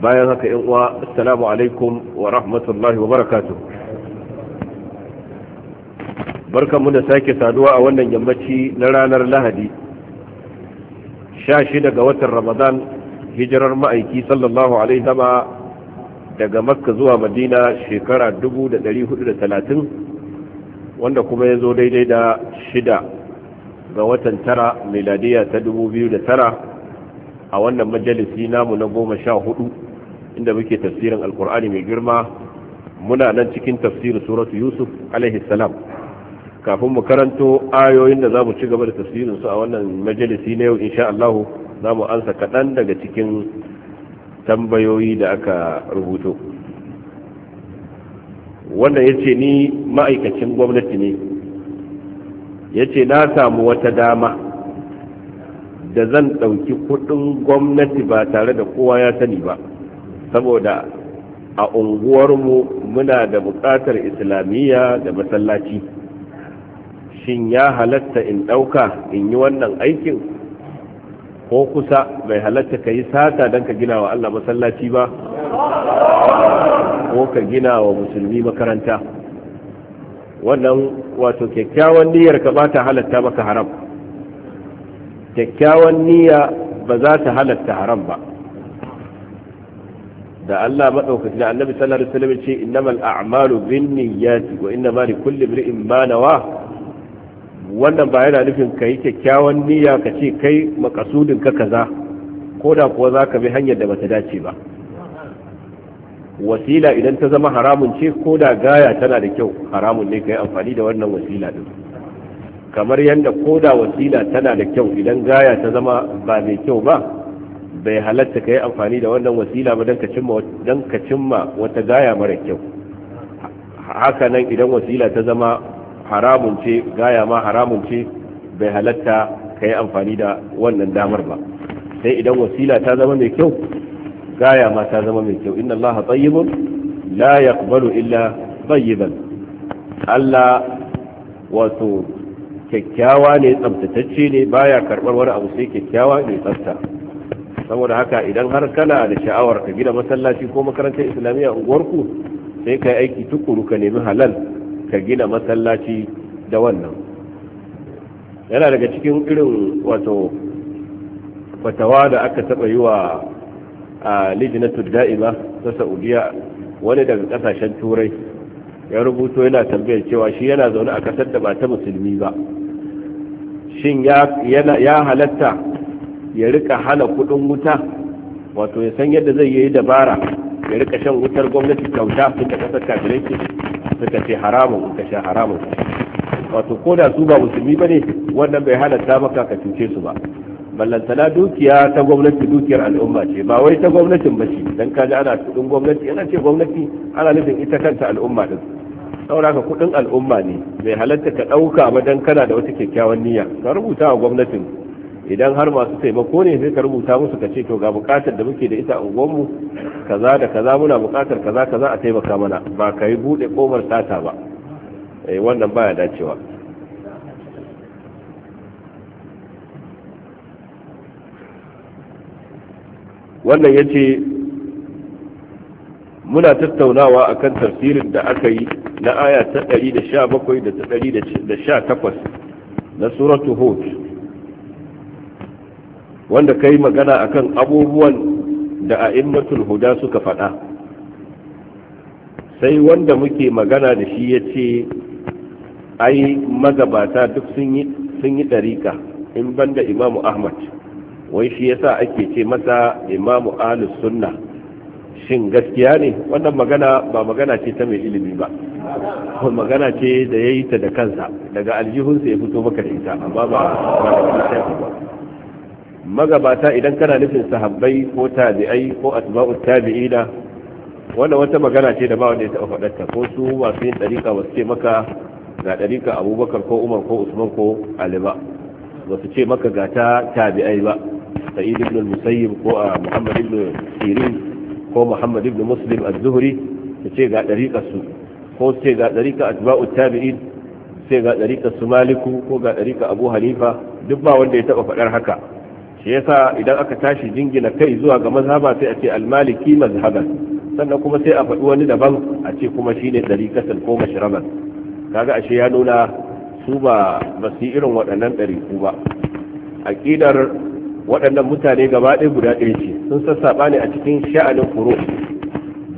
bayan haka yan uwa assalamu alaikum wa rahmatullahi wa barakatuh barkanmu da sake saduwa a wannan yammaci na ranar lahadi 16 ga watan ramadan hijirar ma'aiki sallallahu alaihi zama daga makka zuwa madina shekara 1430 wanda kuma ya zo daidai da shida ga watan tara meladiya ta 2009 a wannan majalisi namu na goma sha hudu inda muke tafsirin alkur'ani mai girma muna nan cikin tafsirin suratu yusuf alaihi kafin mu karanto ayoyin da za mu ci gaba da tafsirin su a wannan majalisi na yau insha Allah za mu ansa kaɗan daga cikin tambayoyi da aka rubuto wannan ya ce ni ma'aikacin gwamnati ne ya ce na samu wata dama da zan ɗauki kuɗin gwamnati ba tare da kowa ya sani ba saboda a unguwarmu muna da buƙatar islamiyya da masallaci shin ya halatta in ɗauka in yi wannan aikin ko kusa bai halatta ka yi sata don ka gina wa Allah masallaci ba ko ka gina wa musulmi makaranta wannan wato kyakkyawan niyyar ka ba ta halatta maka haram kyakkyawan niyya ba za ta halatta haram ba da Allah madaukaki da annabi sallallahu alaihi wasallam ce innamal a'malu binniyati wa innama likulli imrin ma nawa wannan ba yana nufin kai kyakkyawan niyya ka ce kai makasudin ka kaza ko da kuwa zaka bi hanyar da bata dace ba wasila idan ta zama haramun ce ko da gaya tana da kyau haramun ne kai amfani da wannan wasila din kamar yadda ko da wasila tana da kyau idan gaya ta zama ba mai kyau ba bai halatta ka yi amfani da wannan wasila ba don ka cimma wata gaya mara kyau haka nan idan wasila ta zama haramun ce gaya ma haramun ce bai halatta ka yi amfani da wannan damar ba sai idan wasila ta zama mai kyau gaya ma ta zama mai kyau inna allaha tayyibun la yaqbalu illa tayyiban Allah wato kyakkyawa ne tsabtatacce ne baya karbar wani abu sai kyakkyawa ne tsabta saboda haka idan har kana da sha'awar ka gina masallaci ko makarantar islamiyya unguwarku sai ka yi aiki tukuru ka nemi halal ka gina masallaci da wannan yana daga cikin irin wato fatawa da aka taɓa yi wa a lijinatu da'ima ta saudiya wani daga ƙasashen turai ya rubuto yana tambayar cewa shi yana zaune a ƙasar da ba ta musulmi ba shin ya halatta ya rika hana kudin wuta wato ya san yadda zai yi dabara ya rika shan wutar gwamnati kyauta suka kasar su suka ce haramun ka sha haramun wato ko da su ba musulmi ba ne wannan bai halatta maka ka cuce su ba ballantana dukiya ta gwamnati dukiyar al'umma ce ba wai ta gwamnatin ba ce dan kaji ana kudin gwamnati yana ce gwamnati ana nufin ita kanta al'umma din saboda ka kudin al'umma ne bai halatta ka dauka ba dan kana da wata kyakkyawan niyya ka rubuta wa gwamnatin idan har masu taimako ne sai ka rubuta musu ka ce to ga bukatar da muke da ita a unguwanmu kaza da kaza muna bukatar kaza kaza a taimaka mana ba ka yi buɗe komar sata ba eh wannan baya dacewa wannan ya ce muna tattaunawa akan tafsirin da aka yi na aya ta 117 da 118 na suratu hud wanda kai magana akan abubuwan da a'immatul huda suka faɗa sai wanda muke magana da shi ya ce ai magabata duk sun yi ɗarika in banda imamu ahmad wai shi yasa ake ce masa imamu alus sunna shin gaskiya ne wannan magana ba magana ce ta mai ilimi ba magana ce da ya yi ta da kansa daga aljihunsa ya fito maka da ita amma ba ba magabata idan kana nufin sahabbai ko tabi'ai ko asba'u tabi'ina wannan wata magana ce da ba wanda ya taɓa faɗarta ko su masu yin ɗariƙa ba su ce maka ga dariƙa abubakar ko umar ko usman ko ali ba ba su ce maka ga ta tabi'ai ba sa'id ibn musayyib ko a ah, muhammad ibn sirin ko muhammad ibn muslim az-zuhri su ce ga dariƙa su ko su ce ga ɗariƙa atba'u tabi'in sai ga dariƙa su maliku ko ga dariƙa abu hanifa duk ba wanda ya taɓa faɗar haka shi yasa idan aka tashi jingina kai zuwa ga mazhaba sai a ce almaliki mazhaban sannan kuma sai a faɗi wani daban a ce kuma shine dariqatan ko mashraban kaga ashe ya nuna su ba basu irin waɗannan ku ba aqidar waɗannan mutane gaba ɗaya guda ɗaya ce sun sassaɓa ne a cikin sha'anin furo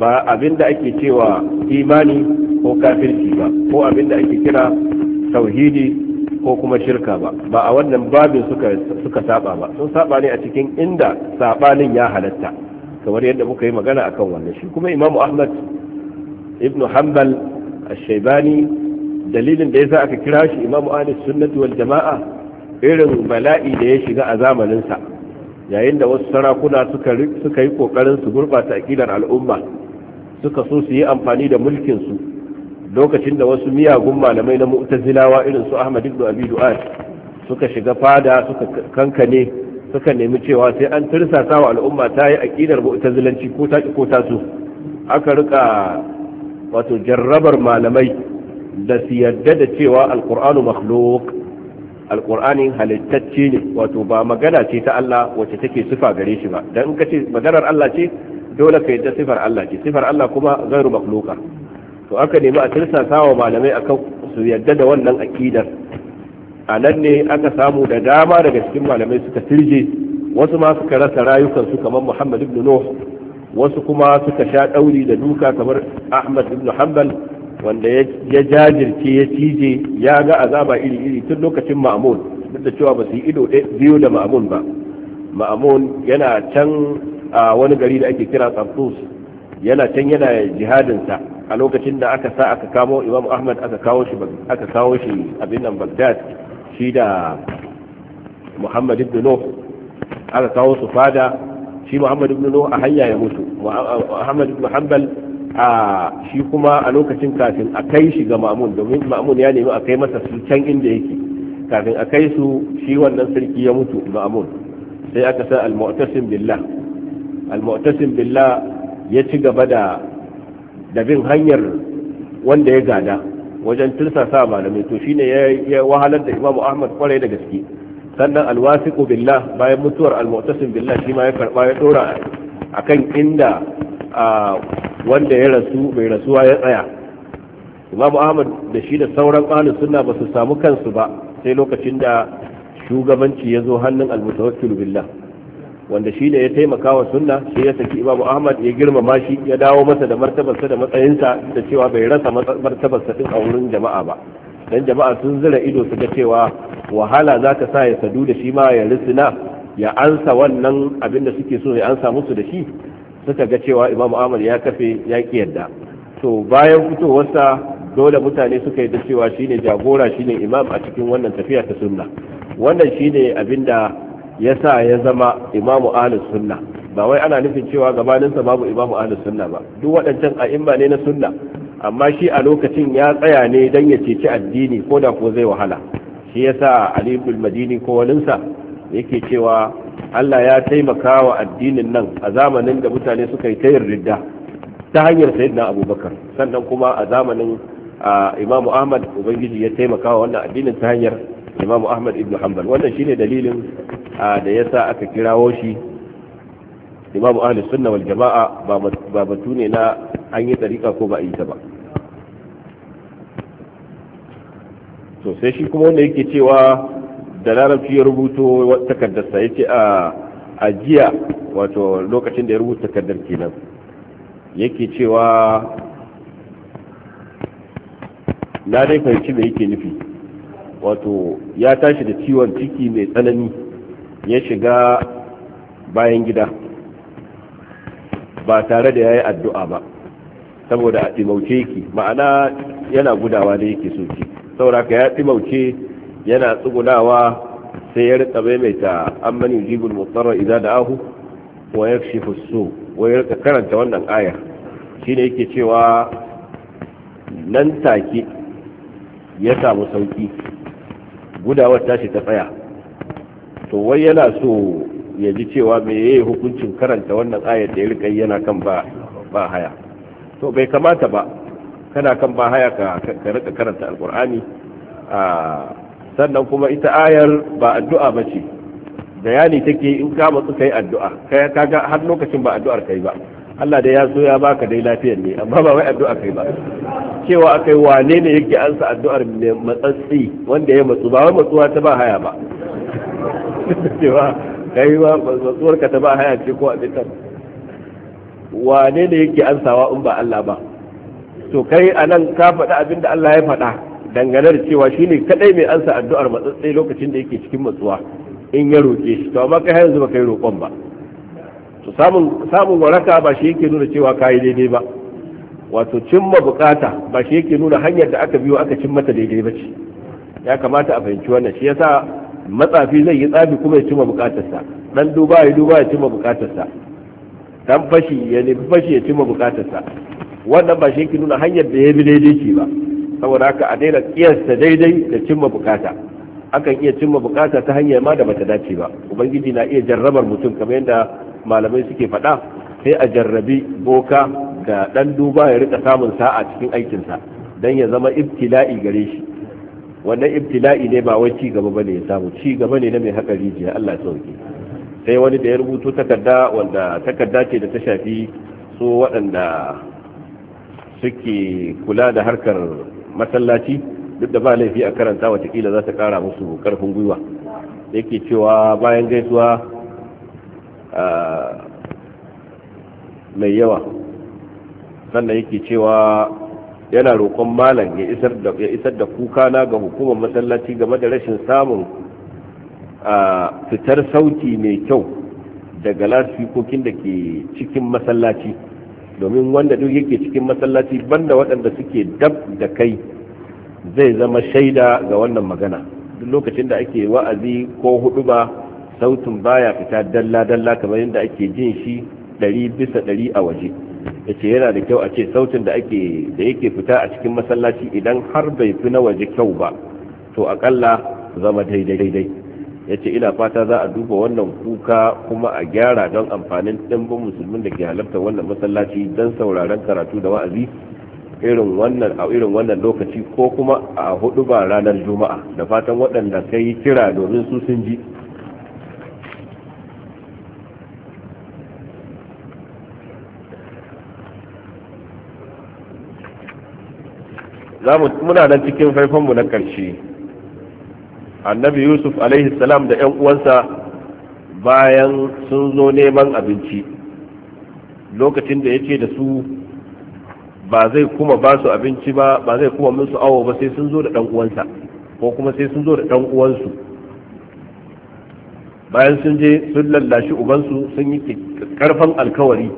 ba abin da ake cewa imani ko kafirci ba ko abinda da ake kira tauhidi ko kuma shirka ba ba a wannan babin suka suka saba ba sun saba ne a cikin inda sabanin ya halatta kamar yadda muka yi magana akan wannan shi kuma imamu ahmad ibn hanbal ash-shaybani dalilin da ya yasa aka kira shi imam ahmad sunnati wal jama'a irin bala'i da ya shiga a zamanin sa yayin da wasu sarakuna suka yi kokarin su gurbata akidar al'umma suka so su yi amfani da mulkin su lokacin da wasu miyagun malamai na mu'tazilawa irin su Ahmad ibn Abi Du'ad suka shiga fada suka kankane suka nemi cewa sai an tirsasa wa al'umma ta yi aqidar mu'tazilanci ko ta ko ta su aka rika wato jarrabar malamai da su da cewa alqur'anu makhluq alqur'ani halittacce ne wato ba magana ce ta Allah wacce take sifa gare shi ba dan in ka ce maganar Allah ce dole ka yadda sifar Allah ce sifar Allah kuma ghairu makhluqa to aka nemi a tirsasa wa malamai akan su yadda da wannan akidar a nan ne aka samu da dama daga cikin malamai suka tirje wasu ma suka rasa rayukansu kamar muhammad ibn nuh wasu kuma suka sha ɗauri da duka kamar ahmad ibn hanbal wanda ya jajirce ya cije ya ga azaba iri-iri tun lokacin ma'amun duk da cewa ba su yi ido biyu da ma'amun ba ma'amun yana can a wani gari da ake kira tsamtus yana can yana jihadinsa a lokacin da aka sa aka kamo imam ahmad aka kawo shi aka kawo shi abin nan bagdad shi da muhammad ibn nuh aka kawo su fada shi muhammad ibn nuh a hanya ya mutu muhammad ibn hanbal a shi kuma a lokacin kafin a kai shi ga ma'amun domin ma'amun ya nemi a kai masa su can inda yake kafin a kai su shi wannan sarki ya mutu ma'amun sai aka sa al-mu'tasim billah al-mu'tasim billah ya ci gaba da da bin hanyar wanda ya gada wajen tilsasa malamai to shine ya wahalar da imamu ahmad kwarai da gaske sannan alwasiqu billah bayan mutuwar almu'tasim billah shi ma ya karba ya dora akan inda wanda ya rasu mai rasuwa ya tsaya imamu ahmad da shi da sauran ahlus suna ba su samu kansu ba sai lokacin da shugabanci ya zo hannun almutawakkil billah wanda shi ne ya taimaka wa sunna shi ya saki imamu ahmad ya girmama shi ya dawo masa da martabarsa da matsayinsa da cewa bai rasa martabarsa din a wurin jama'a ba dan jama'a sun zira ido su ga cewa wahala za ka sa ya sadu da shi ma ya risina ya ansa wannan abin da suke so ya ansa musu da shi suka ga cewa imamu ahmad ya kafe ya ki yadda to bayan fitowarsa dole mutane suka yi da cewa shine jagora shine imam a cikin wannan tafiya ta sunna wannan shine abin da ya sa ya zama imamu ahlus sunna ba wai ana nufin cewa gabaninsa babu imamu ahlus sunna ba duk waɗancan a'imma ne na sunna amma shi a lokacin ya tsaya ne dan ya ceci addini ko da ko zai wahala shi ya sa ali ibn madini ko walinsa yake cewa Allah ya taimaka wa addinin nan a zamanin da mutane suka yi tayar ridda ta hanyar sayyidina abubakar sannan kuma a zamanin imamu ahmad ubangiji ya taimaka wa wannan addinin ta hanyar imamu ahmad ibnu hanbal wannan shine dalilin da ya sa aka kirawo shi imamu ahli sunna wal jama'a ba batu ne na an yi tsarika ko ba a yi ta ba to sai shi kuma wanda yake cewa da larabci ya rubuto takardarsa ya ce a jiya wato lokacin da ya rubuta takardar kenan yake cewa na dai fahimci me yake nufi wato ya tashi da ciwon ciki mai tsanani ya shiga bayan gida ba tare da ya yi addu'a ba saboda a ɗimauce yake ma'ana yana gudawa da yake soke ka ya ɗimauce yana tsugunawa sai ya rika maimaita an mani jibin mutsarar idan da ahu wa ya fi wa ya karanta wannan ayar shine ne yake cewa nan take ya samu sauki gudawar tashi ta tsaya to wai yana so ya ji cewa me yi hukuncin karanta wannan ayar da ya rika yana kan ba haya to bai kamata ba kana kan ba haya ka rika karanta alkur'ani a sannan kuma ita ayar ba addu'a ya bayani take in ka matsu yi addu'a kai kaga har lokacin ba addu'ar kai ba Allah da ya so ya baka dai lafiyar ne amma ba wai addu'a kai ba cewa akai wane ne yake ansa addu'ar matsatsi wanda ya matsu ba wai matsuwa ta ba haya ba cewa kai ba matsuwar ka ta ba haya ce ko a bitan wane ne yake ansawa in ba Allah ba to kai anan ka faɗa abin da Allah ya faɗa dangane da cewa shine kadai mai ansa addu'ar matsatsai lokacin da yake cikin matsuwa in ya roƙe shi to amma kai yanzu ba kai roƙon ba to samun samun waraka ba shi yake nuna cewa kai daidai ba wato cimma bukata ba shi yake nuna hanyar da aka biyo aka cimma ta daidai ba ce ya kamata a fahimci wannan shi yasa matsafi zai yi tsafi kuma ya cima bukatarsa dan duba ya duba ya cima bukatarsa dan fashi ya nufi fashi ya cima bukatarsa wannan ba shi ke nuna hanyar da ya bi daidai ce ba saboda haka a daina kiyasta daidai da cimma bukata akan iya cimma bukata ta hanyar ma da bata dace ba ubangiji na iya jarrabar mutum kamar yadda malamai suke faɗa sai a jarrabi boka da dan duba ya rika samun sa'a cikin aikinsa dan ya zama ibtila'i gare shi wannan ibtila'i ne ba wai ci gaba bane ya samu ci gaba ne na mai haka rijiya Allah ya sauke sai wani da ya rubuto takarda wanda takarda ce da ta shafi su waɗanda suke kula da harkar masallaci duk da ba laifi a karanta watakila za ta kara musu karfin gwiwa yake cewa bayan gaisuwa mai yawa sannan yake cewa yana roƙon malam ya isar da ya kuka na ga hukumar masallaci game da rashin samun a fitar sauti mai kyau daga lasfikokin da ke cikin masallaci domin wanda duk yake cikin masallaci banda waɗanda suke dab da kai zai zama shaida ga wannan magana duk lokacin da ake wa'azi ko hudu ba sautin baya fita dalla-dalla kamar yadda ake jin shi ɗari bisa ɗari a waje yace yana da kyau a ce sautin da ake da yake fita a cikin masallaci idan har bai fi na waje kyau ba to akalla zama daidai daidai yace ina fata za a duba wannan kuka kuma a gyara don amfanin ɗanban musulmin da ke halarta wannan masallaci don sauraron karatu da wa'azi irin wannan a irin wannan lokaci ko kuma a hudu ba ranar juma'a da fatan waɗanda kai kira domin su sun ji muna nan cikin faifanmu na ƙarshe annabi yusuf alaihi salam da 'yan uwansa bayan sun zo neman abinci lokacin da ya ce da su ba zai kuma ba su abinci ba ba zai kuma musu awo ba sai sun zo da ɗan uwansa ko kuma sai sun zo da ɗan uwansu bayan sun je sun lallashi ubansu sun yi karfan alkawari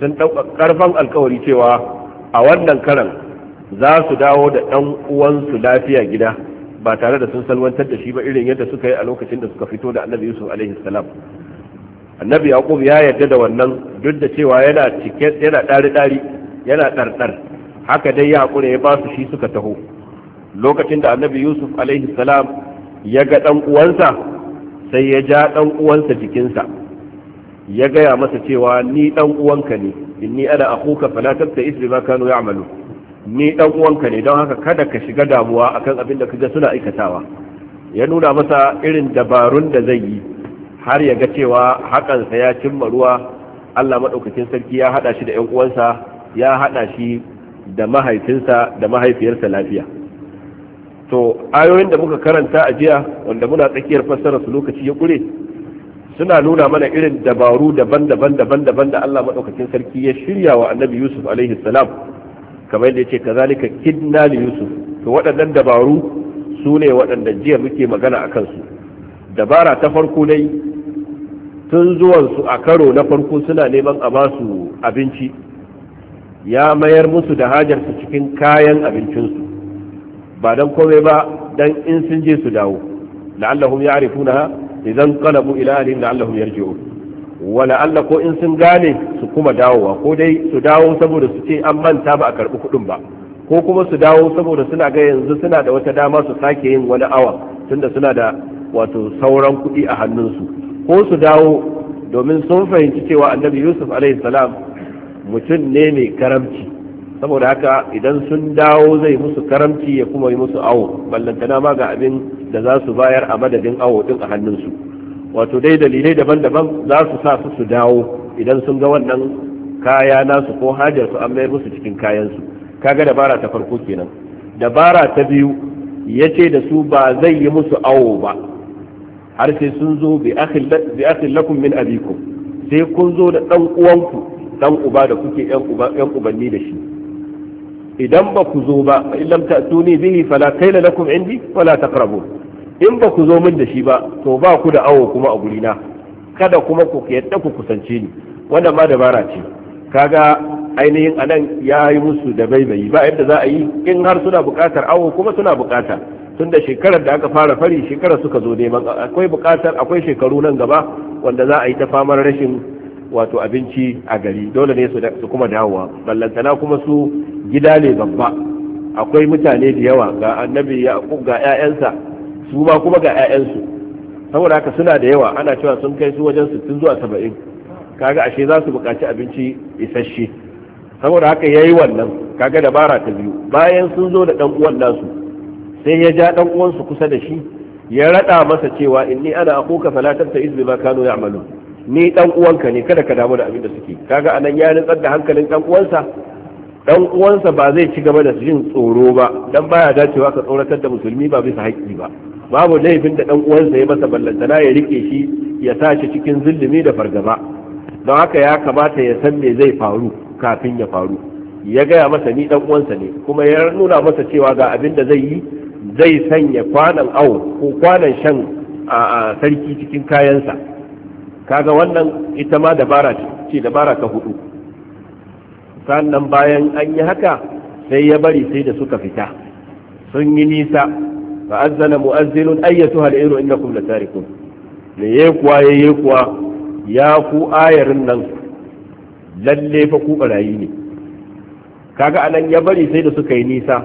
sun ɗauka karfan alkawari cewa a wannan karan za su dawo da ɗan uwansu lafiya gida ba tare da sun salwantar da shi ba irin yadda suka yi a lokacin da suka fito da annabi yusuf alaihi salam annabi yaqub ya yarda da wannan duk da cewa yana cike yana dari dari yana ɗarɗar haka dai ya hakura ya ba su shi suka taho lokacin da annabi yusuf alaihi salam ya ga ɗan uwansa sai ya ja ɗan uwansa jikinsa ya gaya masa cewa ni ɗan uwanka ne inni ana akuka fala tabta isri ma kanu ya'malu ni dan uwanka ne don haka kada ka shiga damuwa akan abin da kaga suna aikatawa ya nuna masa irin dabarun da zai yi har ya ga cewa hakan sa ya cimma ruwa Allah madaukakin sarki ya hada shi da 'yan uwansa ya hada shi da mahaifinsa da mahaifiyarsa lafiya to ayoyin da muka karanta a jiya wanda muna tsakiyar fassara su lokaci ya kure suna nuna mana irin dabaru daban-daban daban-daban da Allah madaukakin sarki ya shirya wa Annabi Yusuf alaihi salam kamar yadda ce kazalika kidna li yusuf to waɗannan dabaru su ne waɗanda jiya muke magana a kansu dabara ta farko dai tun zuwansu a karo na farko suna neman a basu abinci ya mayar musu da hajarsu cikin kayan abincinsu ba don komai ba don in sun je su dawo la'allahum ya'rifuna idan qalabu ila ahlihim la'allahum yarji'un wala Allah ko in sun gane su kuma dawowa ko dai su dawo saboda su ce an manta ba a karɓi kuɗin ba ko kuma su dawo saboda suna ga yanzu suna da wata dama su sake yin wani awa tunda suna da wato sauran kuɗi a hannunsu ko su dawo domin sun fahimci cewa annabi yusuf alayhi salam mutum ne mai karamci saboda haka idan sun dawo zai musu karamci ya kuma yi musu awo ballantana ma ga abin da za su bayar a madadin awo din a hannunsu wato dai dalilai daban-daban za su sa su su dawo idan sun ga wannan kaya nasu ko hajar su an mayar musu cikin kayansu kaga dabara ta farko kenan dabara ta biyu ya ce da su ba zai yi musu awo ba har sai sun zo bi akhil lakum min abikum sai kun zo da dan uwanku dan uba da kuke yan uba ubanni da shi idan ba ku zo ba illam lam ta'tuni bihi fala kayla lakum indi wala taqrabun in ba ku zo min da shi ba to ba ku da awo kuma a guri na kada kuma ku yadda ku kusance ni wannan ma dabara ce kaga ainihin anan ya yi musu da baibayi ba yadda za a yi in har suna bukatar awo kuma suna bukata tun da shekarar da aka fara fari shekarar suka zo neman akwai bukatar akwai shekaru nan gaba wanda za a yi ta famar rashin wato abinci a gari dole ne su kuma dawowa ballantana kuma su gida ne babba akwai mutane da yawa ga annabi ga 'ya'yansa su ma kuma ga 'ya'yansu saboda haka suna da yawa ana cewa sun kai su wajen 60 zuwa 70 kaga ashe za su buƙaci abinci isasshe saboda haka ya yi wannan kaga dabara ta biyu bayan sun zo da ɗan uwan nasu sai ya ja ɗan'uwansu kusa da shi ya raɗa masa cewa inni ana akuka falatar ta izbi ma kano ya amalu ni ɗan'uwanka ne kada ka damu da abin da suke kaga anan ya nutsar da hankalin ɗan'uwansa uwansa dan ba zai ci gaba da jin tsoro ba dan baya dacewa ka tsoratar da musulmi ba bisa haƙƙi ba babu laifin da dan uwansa ya masa ballantana ya rike shi ya sa shi cikin zulumi da fargaba don haka ya kamata ya san me zai faru kafin ya faru ya gaya masa ni dan uwansa ne kuma ya nuna masa cewa ga abin da zai yi zai sanya kwanan awo ko kwanan shan a sarki cikin kayansa kaga wannan ita ma dabara ce dabara ta hudu sannan bayan an yi haka sai ya bari sai da suka fita sun yi nisa fa azzana mu'azzinun ayyatuha al-ayru innakum latarikun ne ye kuwa ye ye kuwa ya ku ayarin nan lalle fa ku barayi ne kaga anan ya bari sai da suka yi nisa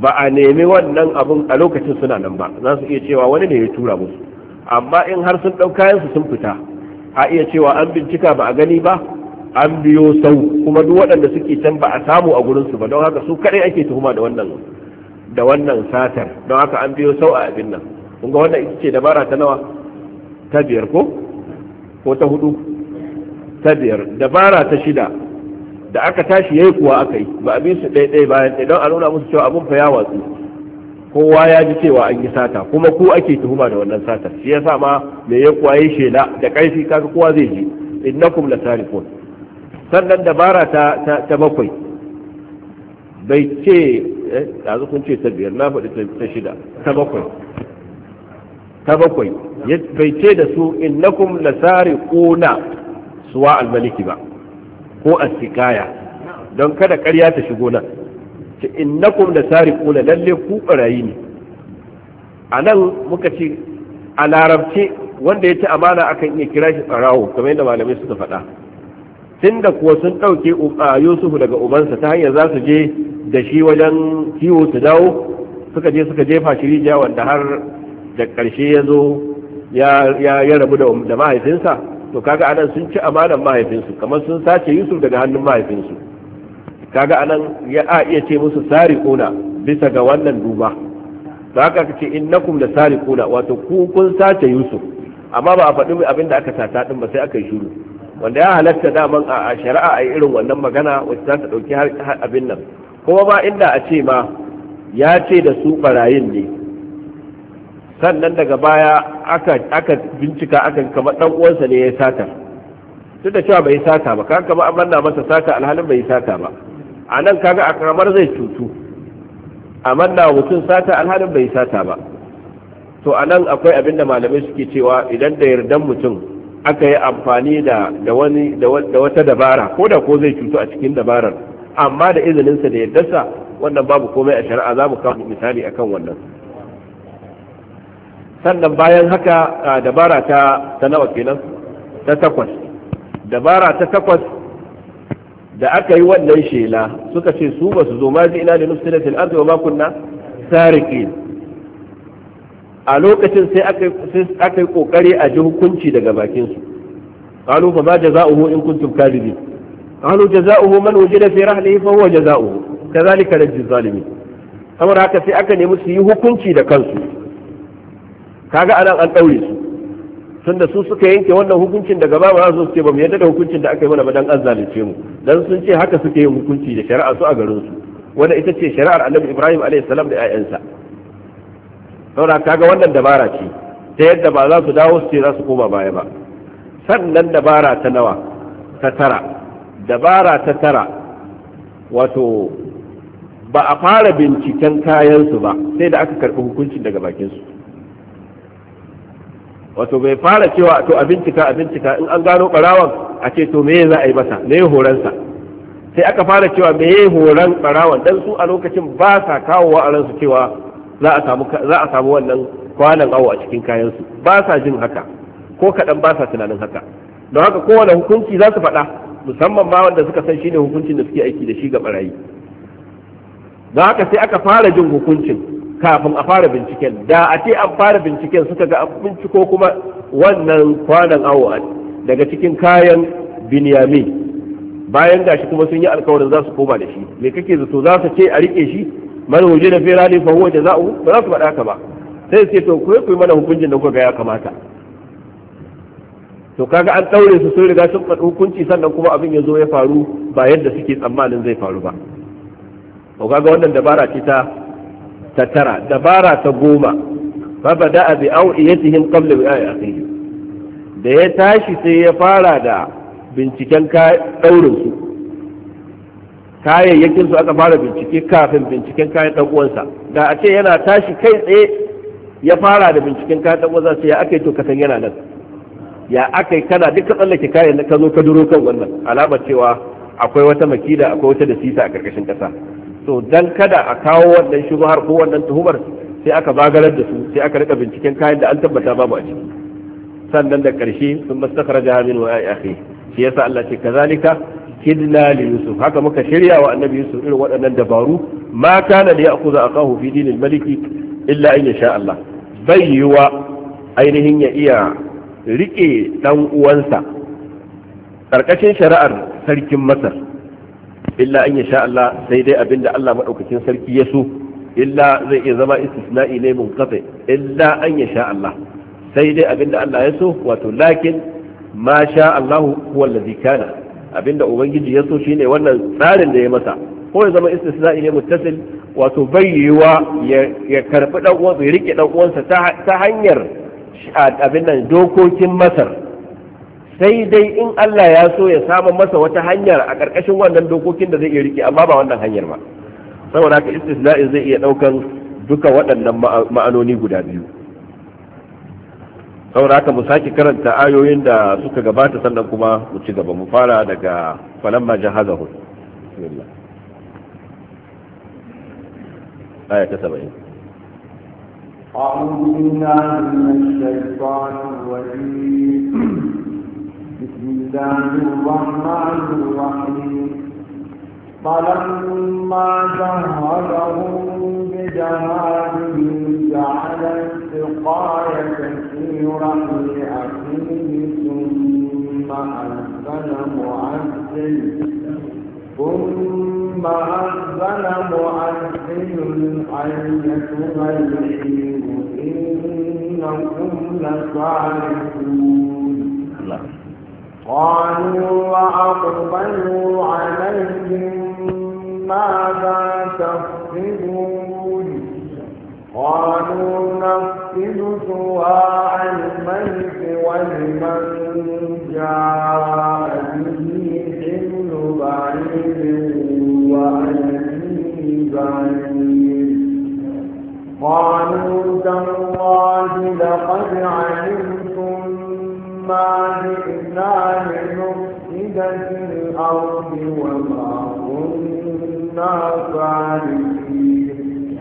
ba a nemi wannan abun a lokacin suna nan ba za su iya cewa wani ne ya tura musu amma in har sun kayan su sun fita a iya cewa an bincika ba a gani ba an biyo sau kuma duk waɗanda suke can ba a samu a gurinsu ba don haka su kaɗai ake tuhuma da wannan da wannan satar don haka an biyo sau a abin nan kun ga wannan ita ce dabara ta nawa ta biyar ko ko ta hudu ta biyar dabara ta shida da aka tashi yayi kuwa aka yi ba abin su ɗaya ɗaya bayan ɗaya don a nuna musu cewa abin fa ya watsu kowa ya ji cewa an yi sata kuma ku ake tuhuma da wannan satar shi yasa ma me ya kuwa yi shela da ƙarfi kaga kowa zai ji innakum lasarifun sannan dabara ta ta bakwai bai ce yanzu eh, kun ce ta biyar na faɗi ta shida ta bakwai ta bakwai bai ce da su innakum lasari ƙuna suwa almaliki ba ko asikaya don kada ƙarya ta shigo nan ce innakum lasari na? lalle ku ɓarayi ne a nan muka ce a larabce wanda ya ci amana akan iya kira shi tsarawo kamar yadda malamai suka faɗa tunda kuwa sun ɗauke uh, Yusufu daga ubansa ta hanyar za su je da shi wajen kiwo su dawo suka je suka jefa shi rijiya wanda har da ƙarshe ya zo ya rabu da mahaifinsa to kaga anan sun ci amanan mahaifinsu kamar sun sace yusuf daga hannun mahaifinsu kaga anan ya a iya ce musu kuna bisa ga wannan duba in haka kum da tsari kuna wato ku kun sace yusuf amma ba a faɗi abin da aka sata din ba sai aka yi shiru wanda ya halatta daman a shari'a a irin wannan magana wacce za ta ɗauki abin nan kuma ba inda a ce ma ya ce da su barayin ne sannan daga baya aka bincika aka kama dan uwansa ne ya sata tun da cewa bai sata ba kan kama an manna masa sata alhalin bai sata ba a nan kaga a karamar zai cutu a manna mutum sata alhalin bai sata ba to a nan akwai abin da malamai suke cewa idan da yardan mutum aka yi amfani da wata dabara ko da ko zai cutu a cikin dabarar amma da izininsa da yardarsa wannan babu komai a shari'a za mu kawo misali akan wannan sannan bayan haka dabara ta sanawa kenan ta takwas dabara ta takwas da aka yi wannan shela suka ce su ba su zo ma ji ina da nufsinatin arzi wa makunna sariki a lokacin sai aka yi kokari a ji hukunci daga bakinsu kalu fa ma jaza'uhu in kuntum kadibin قالوا جزاؤه من وجد في رحله فهو جزاؤه كذلك نجزي الظالمين saboda haka sai aka nemi su yi hukunci da kansu kaga anan an ɗaure su tunda su suka yanke wannan hukuncin daga ba za su ce ba mu yadda da hukuncin da aka yi mana ba dan an zalunce mu dan sun ce haka suke yin hukunci da shari'a su a garin su wanda ita ce shari'ar Annabi Ibrahim alaihi salam da ƴaƴansa saboda kaga wannan dabara ce ta yadda ba za su dawo su ce za su koma baya ba sannan dabara ta nawa ta tara dabara ta tara wato ba a fara binciken kayansu ba sai da aka karbi hukuncin daga bakinsu wato bai fara cewa to a bincika a bincika in an gano barawan a ce to meye za a yi masa me horonsa sai aka fara cewa meye horan barawan dan su a lokacin ba sa kawowa a ransu cewa za a samu wannan kwanan awo a cikin kayansu ba sa jin haka ko kaɗan ba sa tunanin haka don haka kowane hukunci za su faɗa musamman ma wanda suka san shine hukuncin da suke aiki da shi ga barayi don haka sai aka fara jin hukuncin kafin a fara binciken da a ce an fara binciken suka ga binciko kuma wannan kwanan awo daga cikin kayan binyami bayan gashi kuma sun yi alkawarin za su koma da shi me kake zato za su ce a rike shi mana huje da fera ne fa huwa jaza'u ba za su faɗa ka ba sai su to ku mana hukuncin da kuka ga ya kamata to kaga an ɗaure su sun riga sun faɗi hukunci sannan kuma abin ya zo ya faru ba yadda suke tsammanin zai faru ba to kaga wannan dabara ce ta tattara tara dabara ta goma fa bada bi awiyatihim qabla bi akhihi da ya tashi sai ya fara da binciken daurin su kayayyakin su aka fara bincike kafin binciken kayan ɗan uwansa da a ce yana tashi kai tsaye ya fara da binciken kayan ɗan uwansa sai ya aka yi to kasan yana nan ya aka yi kana duk ka tsallake kayan ka zo ka duro kan wannan alamar cewa akwai wata makida akwai wata da sita a karkashin kasa so dan kada a kawo wannan shubhar ko wannan tuhumar sai aka bagarar da su sai aka rika binciken kayan da an tabbata babu a ciki sannan da karshe sun mastakhraja jahamin wa akhi shi yasa Allah ce kazalika kidna li yusuf haka muka shirya wa annabi yusuf irin waɗannan dabaru ma kana da ya'khudha akahu fi dinil maliki illa in sha Allah bai yiwa ainihin ya iya rike ɗan uwansa karkashin shari'ar sarkin masar illa an sha Allah sai dai abinda Allah madaukakin sarki ya so illa zai iya zama istisna'i ne kafe illa an sha Allah sai dai abinda Allah ya so wato lakin ma sha Allah huwa allazi kana abinda ubangiji ya so shine wannan tsarin da ya masa ko ya zama istisna'i ne muttasil wato bai yiwa ya karɓi dan uwansa ya rike dan uwansa ta hanyar abin nan dokokin masar sai dai in Allah ya so ya samu masa wata hanyar a ƙarƙashin wannan dokokin da zai iya rike amma ba wannan hanyar ba saboda haka istisna'in zai iya ɗaukan duka waɗannan ma'anoni guda biyu saboda haka mu sake karanta ayoyin da suka gabata sannan kuma mu ci gaba mu fara daga falamma jahazahu bismillah 70 أعوذ بالله من الشيطان الرجيم بسم الله الرحمن الرحيم فلما جهزهم بجهازهم جعل السقاية في رحل أخيه ثم أذن مؤذن ثم أذن مؤذن أيتها العيد إنكم لتعرفون قالوا وأقبلوا عليهم ماذا تفقدون قالوا نفقد سواع الملك ولمن جاء به بعيد وأنا بعيد قالوا تالله لقد علمتم ما جئنا لنفسد في الأرض وما كنا فارسين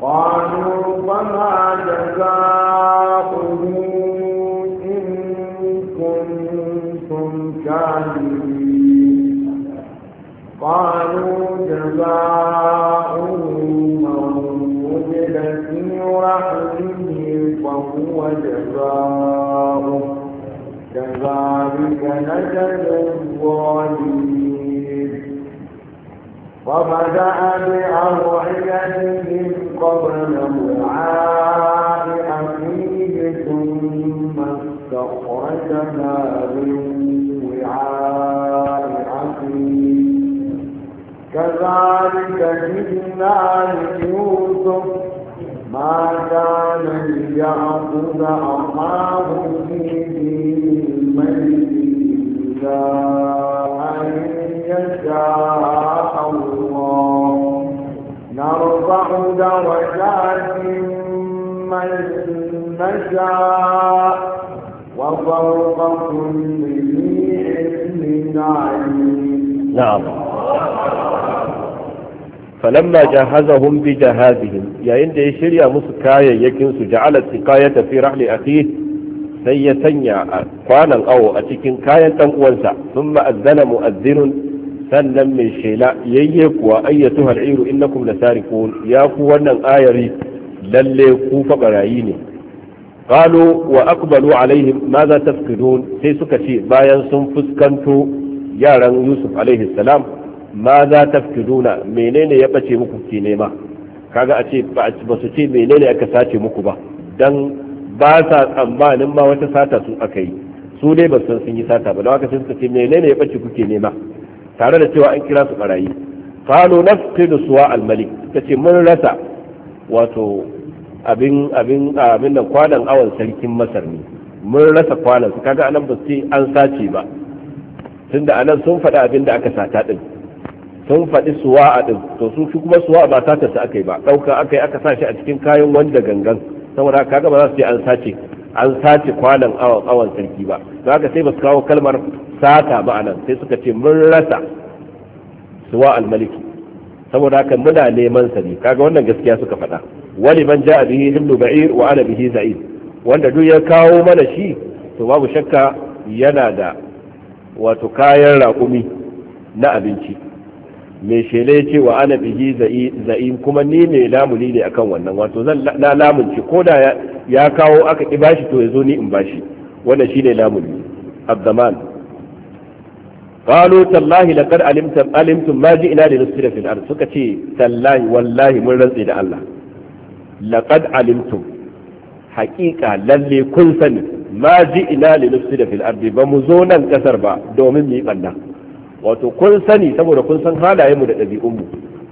قالوا فما جزاؤه إن كنتم كاذبين قالوا جزاؤه من وجد في رحمه فهو جزاؤه كذلك نجد الظالمين وبدأ بأوعيتهم قبل وعاء أخيه ثم استخرجها من كذلك جئنا ليوسف ما كان ليأخذ أخاه في دين الملك إلا أن يشاء الله نرفع درجات من نشاء وفوق كل ذي علم عليم نعم falamma jahazahum bi jahazihim yayin da ya shirya musu kayayyakin su ja'ala siqayata fi rahli akhihi sai ya sanya kwanan awo a cikin kayan dan uwansa thumma azzana mu'adhdhinun sannan mai shela yayye kuwa ayyatuhal iru innakum lasarikun ya ku wannan ayari lalle ku fa ne falo wa aqbalu alaihim madha tafkidun sai suka ce bayan sun fuskanto yaran yusuf alaihi ma za ta fi duna menene ya bace muku ke nema kaga a ce ba su ce menene aka sace muku ba dan ba sa tsammanin ma wata sata su aka yi su dai ba san sun yi sata ba don haka sun ce menene ya bace kuke nema tare da cewa an kira su barayi qalu nafqidu suwa al-malik ce mun rasa wato abin abin abin da kwanan awan sarkin masar ne mun rasa kwanan su kaga anan ba su ce an sace ba tunda anan sun faɗi abin da aka sata din sun faɗi suwa'a ɗin to su shi kuma suwa'a ba satarsa aka yi ba ɗauka aka yi aka sa shi a cikin kayan wanda gangan saboda kaga ba za su ce an sace an sace kwanan awan awan sarki ba za ka sai ba su kawo kalmar sata ba a nan sai suka ce mun rasa suwa almaliki saboda haka muna neman sa ne kaga wannan gaskiya suka faɗa wani man ja'a bihi hindu ba'ir wa ana bihi za'id wanda duk ya kawo mana shi to babu shakka yana da wato kayan raƙumi na abinci mai shele ce wa ana bihi za'in kuma ni ne lamuni ne akan wannan wato zan na lamunci ko da ya kawo aka ki bashi to yazo ni in bashi wannan shine lamuni abdaman qalu tallahi laqad alimtum alimtum ma ji'na li nusira fil ard suka ce tallahi wallahi mun rantsi da Allah laqad alimtum haqiqa lalle kun sani ma ji'na li nusira fil ard ba mu zo nan kasar ba domin mu yi banna wato kun sani saboda kun san halayenmu da ɗabi'unmu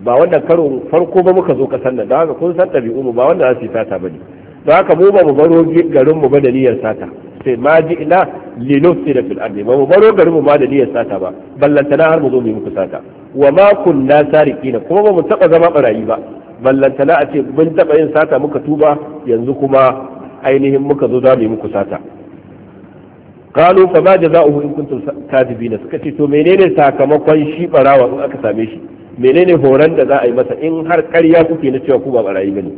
ba wannan karon farko ba muka zo kasan nan don haka kun san ɗabi'unmu ba wanda za su yi sata ba ne don haka mu ba mu baro garinmu ba da niyyar sata sai ma ji ina linufi da fil ba mu baro garinmu ba da niyyar sata ba ballantana har mu zo mu yi muku sata wa ma kunna sarikina kuma ba mu taɓa zama barayi ba ballantana a ce mun taɓa yin sata muka tuba yanzu kuma ainihin muka zo za mu yi muku sata kalu fa ma jazaohu in kuntum kadibina suka ce to menene sakamakon shi barawa in aka same shi menene horan da za a yi masa in har ƙarya kuke na cewa ku ba barayi bane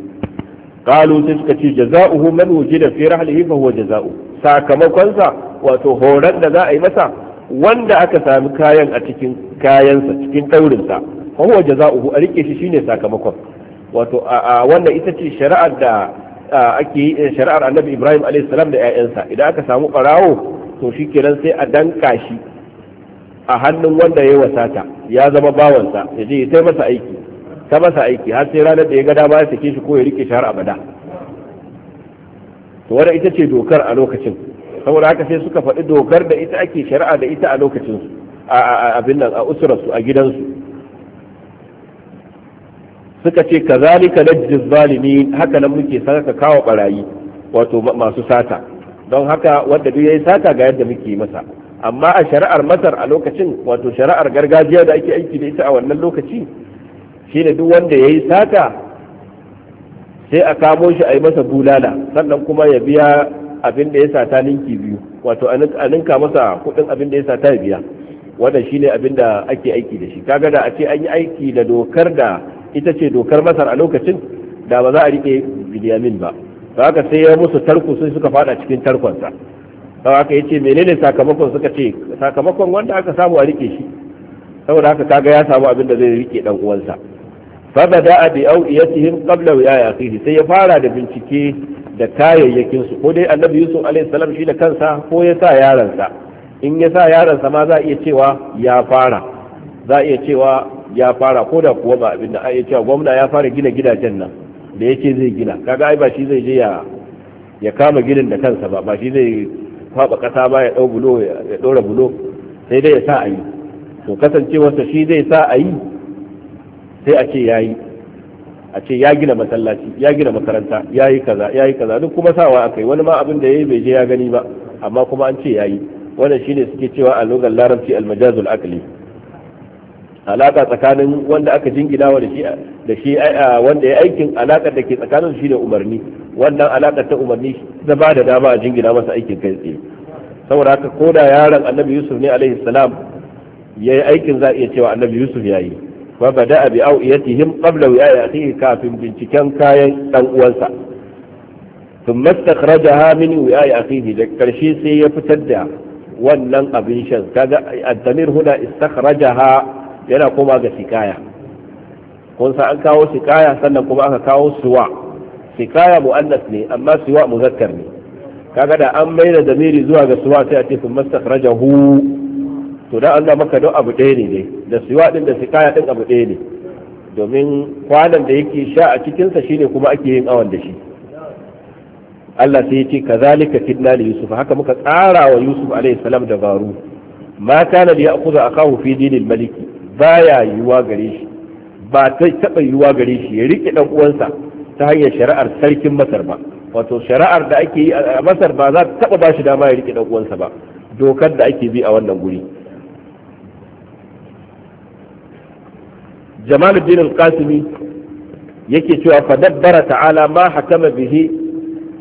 qalu sai suka ce jazaohu man wujida fi rahlihi fa huwa jazaohu sakamakon sa wato horan da za a yi masa wanda aka sami kayan a cikin kayansa cikin daurin sa fa huwa jazaohu a rike shi shine sakamakon wato a wannan ita ce shari'ar da ake shari'ar annabi ibrahim a.s. da ƴaƴansa idan aka samu barawo. to shi kenan sai a danka shi a hannun wanda ya wasata ya zama bawansa ya je ya masa aiki ta masa aiki har sai ranar da ya ga dama ya sake shi ko ya rike shi har abada to wannan ita ce dokar a lokacin saboda haka sai suka faɗi dokar da ita ake shari'a da ita a lokacin su a abin nan a usuransu a gidansu suka ce kazalika najjiz zalimin haka nan muke saka kawo barayi wato masu sata don haka wanda duk yayi sata ga yadda muke masa amma a shari'ar masar a lokacin wato shari'ar gargajiya da ake aiki da ita a wannan lokaci shine duk wanda yayi sata sai a kamo shi a yi masa bulala sannan kuma ya biya abin da ya sata ninki biyu wato a ninka masa kudin abin da ya sata ya biya wannan shine abin da ake aiki da shi kaga da a ce an yi aiki da dokar da ita ce dokar masar a lokacin da ba za a rike biliyamin ba to haka sai ya musu tarko sai suka fada cikin tarkonsa sau haka ya ce menene sakamakon suka ce sakamakon wanda aka samu a rike shi saboda haka kaga ya samu abin da zai rike dan uwansa da a bi awiyatihim qabla wa akhihi sai ya fara da bincike da kayayyakin su ko dai annabi yusuf alaihi salam shi da kansa ko ya sa yaransa in ya sa yaransa ma za a iya cewa ya fara za a iya cewa ya fara ko da kuwa ba abin da a iya cewa gwamna ya fara gina gidajen nan da yake zai gina kaga ai ba shi zai je ya kama ginin da kansa ba ba shi zai kwaba kasa ba ya bulo ya ɗora bulo sai dai ya sa a yi to kasancewarsa shi zai sa a yi sai a ce ya a ce ya gina masallaci ya gina makaranta ya kaza yayi kaza duk kuma sawa aka wani ma abin da ya yi bai je ya gani ba amma kuma an ce yayi wannan shine suke cewa a lokacin larabci almajazul akli alaka tsakanin wanda aka jingina wa da shi wanda ya aikin alakar da ke tsakanin shi da umarni wannan alakar ta umarni ta ba da dama a jingina masa aikin kai tsaye saboda haka ko da yaron annabi yusuf ne alaihi salam ya yi aikin za a iya cewa annabi yusuf ya yi wa bada abi awiyatihim ya wi'ayatihi kafin binciken kayan ɗan uwansa ثم da من وعاء أخيه ذكر شيء سيفتدع ونن أبن شز كذا الضمير هنا استخرجها yana koma ga sikaya kun sa an kawo sikaya sannan kuma aka kawo suwa sikaya mu'annas ne amma suwa muzakkar ne kaga da an mai da damiri zuwa ga suwa sai a ce sun mastakhrajahu to dan Allah maka don abu ɗaya ne dai da suwa din da sikaya din abu ɗaya ne domin kwanan da yake sha a cikin sa shine kuma ake yin awan da shi Allah sai ya ce kazalika kidna li yusuf haka muka tsara wa yusuf alaihi salam dabaru ma kana li ya'khudha akahu fi dinil maliki baya yiwuwa gare shi ba ta taɓa yiwuwa gare shi ya riƙe ɗan uwansa ta hanyar shari'ar sarkin masar ba wato shari'ar da ake yi a masar ba za ta taɓa ba shi dama ya riƙe ɗan uwansa ba dokar da ake bi a wannan guri jamaluddin al-qasimi yake cewa fa dabbara ta'ala ma hakama bihi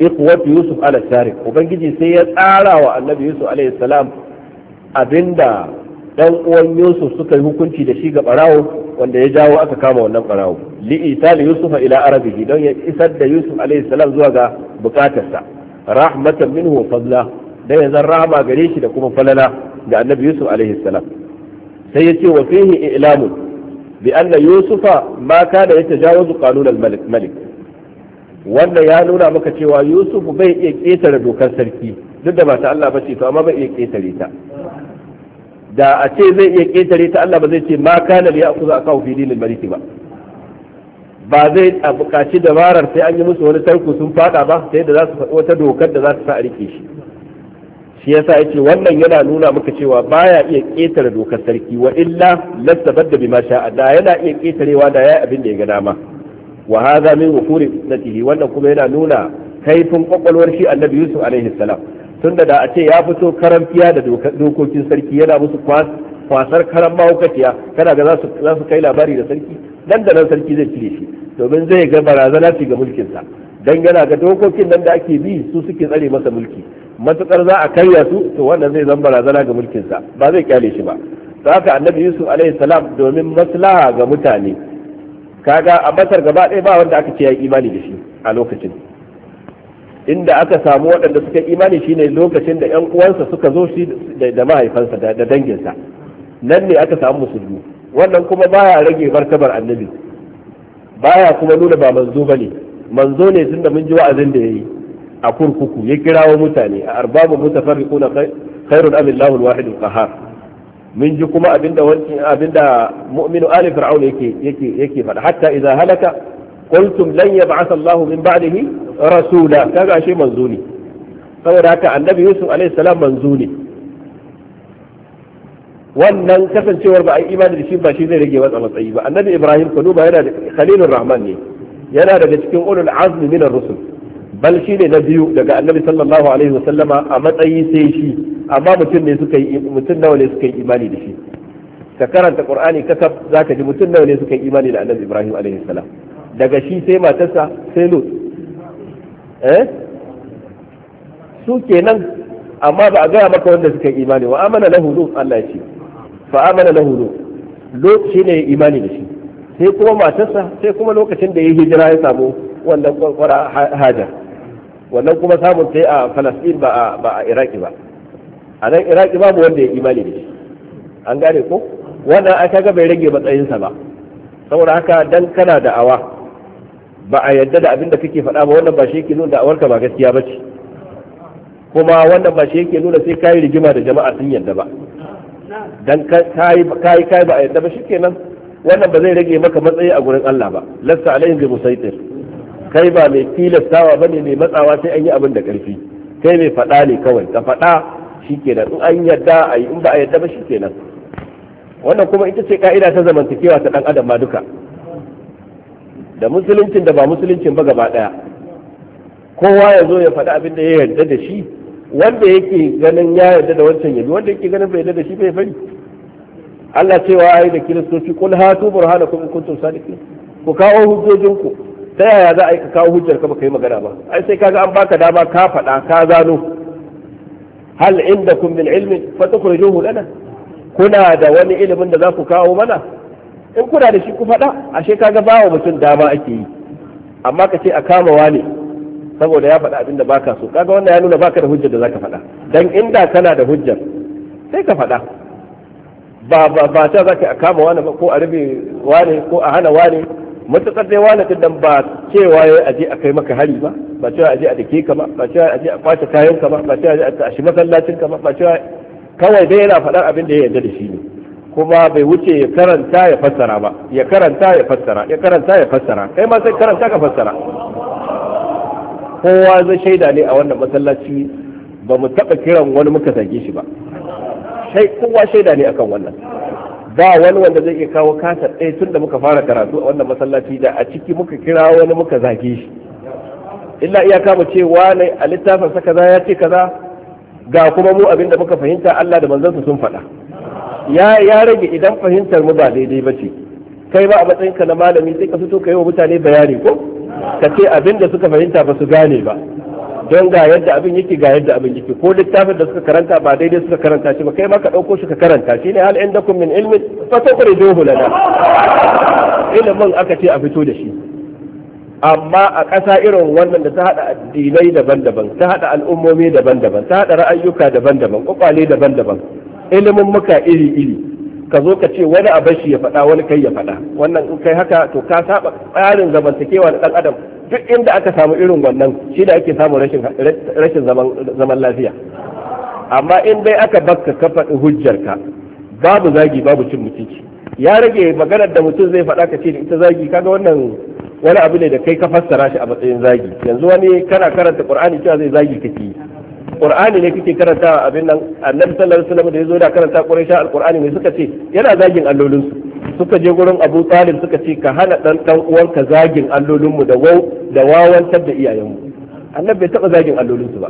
iqwat yusuf ala sharik ubangiji sai ya tsara wa annabi yusuf alayhi salam abinda dan uwan Yusuf suka yi hukunci da shi ga barawo wanda ya jawo aka kama wannan barawo li itali Yusufa ila arabihi don ya isar da Yusuf alaihi salam zuwa ga bukatarsa rahmatan minhu wa fadla dan ya zan rahama gare shi da kuma falala ga annabi Yusuf alaihi salam sai yace wa fihi ilamun bi anna Yusufa ma da ya qanun al-malik malik wanda ya nuna maka cewa Yusuf bai iya ketare dokar sarki duk da ba ta Allah ce to amma bai iya ketare ta da a ce zai iya ƙetare ta Allah ba zai ce ma kana ya kuza a kawo fili maliki ba ba zai a buƙaci dabarar sai an yi musu wani tarko sun fada ba sai da za su wata dokar da za su sa a rike shi shi yasa yace wannan yana nuna maka cewa baya iya ƙetare dokar sarki wa illa da bima sha'a da yana iya ƙetarewa da yayi abin da ya ga dama wa hadha min wufuri wannan kuma yana nuna kaifin kwakwalwar shi annabi Yusuf alaihi salam tunda da a ce ya fito karamfiya da dokokin sarki yana musu kwasar karan mahaukaciya kana ga za su kai labari da sarki nan da nan sarki zai cire shi domin zai ga barazana ci ga mulkinsa dan yana ga dokokin nan da ake bi su suke tsare masa mulki matukar za a karya su to wannan zai zama barazana ga mulkinsa ba zai kyale shi ba haka annabi yusuf alaihi salam domin maslaha ga mutane kaga a basar gaba ɗaya ba wanda aka ce ya imani da shi a lokacin inda aka samu waɗanda suka imani shine lokacin da yan uwansa suka zo shi da mahaifansa da danginsa nan ne aka samu musulmi wannan kuma baya rage martabar annabi baya kuma nuna ba manzo bane manzo ne da mun ji wa'azin da yayi a kurkuku ya kirawo mutane a arbabu mutafarriquna khairun am Allahu al-wahid al-qahhar mun ji kuma abinda da mu'minu ali fir'aun yake yake yake faɗa hatta idza halaka qultum lan yab'ath Allahu min ba'dihi rasula kaga ashe manzo ne saboda haka annabi Yusuf alaihi salam manzo ne wannan kasancewar ba a yi imani da shi ba shi zai rage watsa matsayi ba annabi Ibrahim kanuba yana da khalilur rahman ne yana daga cikin ulul azmi min ar-rusul bal shi ne na biyu daga annabi sallallahu alaihi wasallama a matsayi sai shi amma mutum ne suka yi mutum nawa ne suka yi imani da shi ka karanta qur'ani kasab zaka ji mutum nawa ne suka yi imani da annabi Ibrahim alaihi salam daga shi sai matarsa sai lut eh su kenan amma ba a gaya maka wanda suka imani wa amana lahu lut Allah ya ce fa amana lahu lut lut shine ya imani da shi sai kuma matarsa sai kuma lokacin da ya hijira ya samu wannan kwakwara hajar wannan kuma samun sai a falastin ba a iraki ba a nan iraki babu wanda ya imani da shi an gane ko wannan aka ga bai rage matsayinsa ba saboda haka dan kana da'awa ba a yadda da abin da kake faɗa ba wannan ba shi yake nuna da'awarka ba gaskiya ba ce kuma wannan ba shi yake nuna sai kayi rigima da jama'a sun yadda ba dan kayi kai kai ba a yadda ba shikenan wannan ba zai rage maka matsayi a gurin Allah ba lasta alayhi bi musaitir kai ba mai tilastawa bane mai matsawa sai an yi abin da karfi kai mai faɗa ne kawai ka faɗa shikenan in an yadda a yi in ba a yadda ba shikenan wannan kuma ita ce ka'ida ta zamantakewa ta dan adam ma duka da musuluncin da ba musuluncin ba gaba daya kowa ya zo ya faɗi abin da ya yarda da shi wanda yake ganin ya yarda da wancan yabi wanda yake ganin bai yarda da shi bai fari Allah cewa ai da kiristoci kul hatu burhanakum in kuntum sadiqin ku kawo hujjojinku ta yaya za a yi ka kawo hujjar ka baka yi magana ba ai sai kaga an baka dama ka faɗa ka zano hal indakum min ilmin fatukhrijuhu lana kuna da wani ilimin da za ku kawo mana in kuna da shi ku faɗa ashe kaga bawa mutum dama ake yi amma ka ce a kama ne saboda ya faɗa abin da baka so kaga wannan ya nuna baka da hujjar da zaka faɗa dan inda kana da hujjar sai ka faɗa ba ba ba ta zaka a kama wane ko a rabe ne? ko a hana wane mutakar dai wa din dan ba cewa yayi aje a kai maka hari ba ba cewa aje a dake ka ba ba cewa aje a kwace kayan ka ba ba cewa aje a shi masallacin ka ba ba cewa kawai dai yana faɗar abin da ya yarda da shi kuma bai wuce ya karanta ya fassara ba ya karanta ya fassara ya karanta ya fassara kai ma sai karanta ka fassara kowa zai shaida ne a wannan masallaci ba mu taɓa kiran wani muka zage shi ba sai kowa shaida ne akan wannan ba wani wanda zai iya kawo kasa ɗaya tun da muka fara karatu a wannan masallaci da a ciki muka kira wani muka zage shi illa iya kama ce wane a littafin sa kaza ya ce kaza ga kuma mu abinda muka fahimta Allah da manzansa sun faɗa ya rage idan fahimtar mu ba daidai ba ce kai ba a matsayin ka na malami sai ka fito ka yi wa mutane bayani ko ka ce abin da suka fahimta ba su gane ba don ga yadda abin yake ga yadda abin yake ko littafin da suka karanta ba daidai suka karanta shi ba kai ma ka ɗauko shi ka karanta shi ne hal indakum min ilmin fa taqriduhu da ilimin aka ce a fito da shi amma a ƙasa irin wannan da ta haɗa addinai daban-daban ta haɗa al'ummomi daban-daban ta haɗa ra'ayyuka daban-daban ƙwaƙwale daban-daban ilimin muka iri-iri ka zo ka ce wani abin shi ya faɗa wani kai ya faɗa wannan in kai haka to ka saba tsarin zamantakewa na ɗan adam duk inda aka samu irin wannan shi da ake samun rashin zaman lafiya amma in dai aka bakka ka faɗi hujjarka babu zagi babu cin mutunci ya rage maganar da mutum zai faɗa ka ce da ita zagi kaga wannan wani abu ne da kai ka fassara shi a matsayin zagi yanzu wani kana karanta ƙur'ani cewa zai zagi kake yi qur'ani ne kake karanta abin nan annabi sallallahu alaihi wasallam da yazo da karanta quraisha Alƙur'ani ne suka ce yana zagin allolin su suka je gurin abu talib suka ce ka hana dan dan uwanka zagin allolin mu da wau da wawantar da iyayenmu annabi bai taba zagin allolin su ba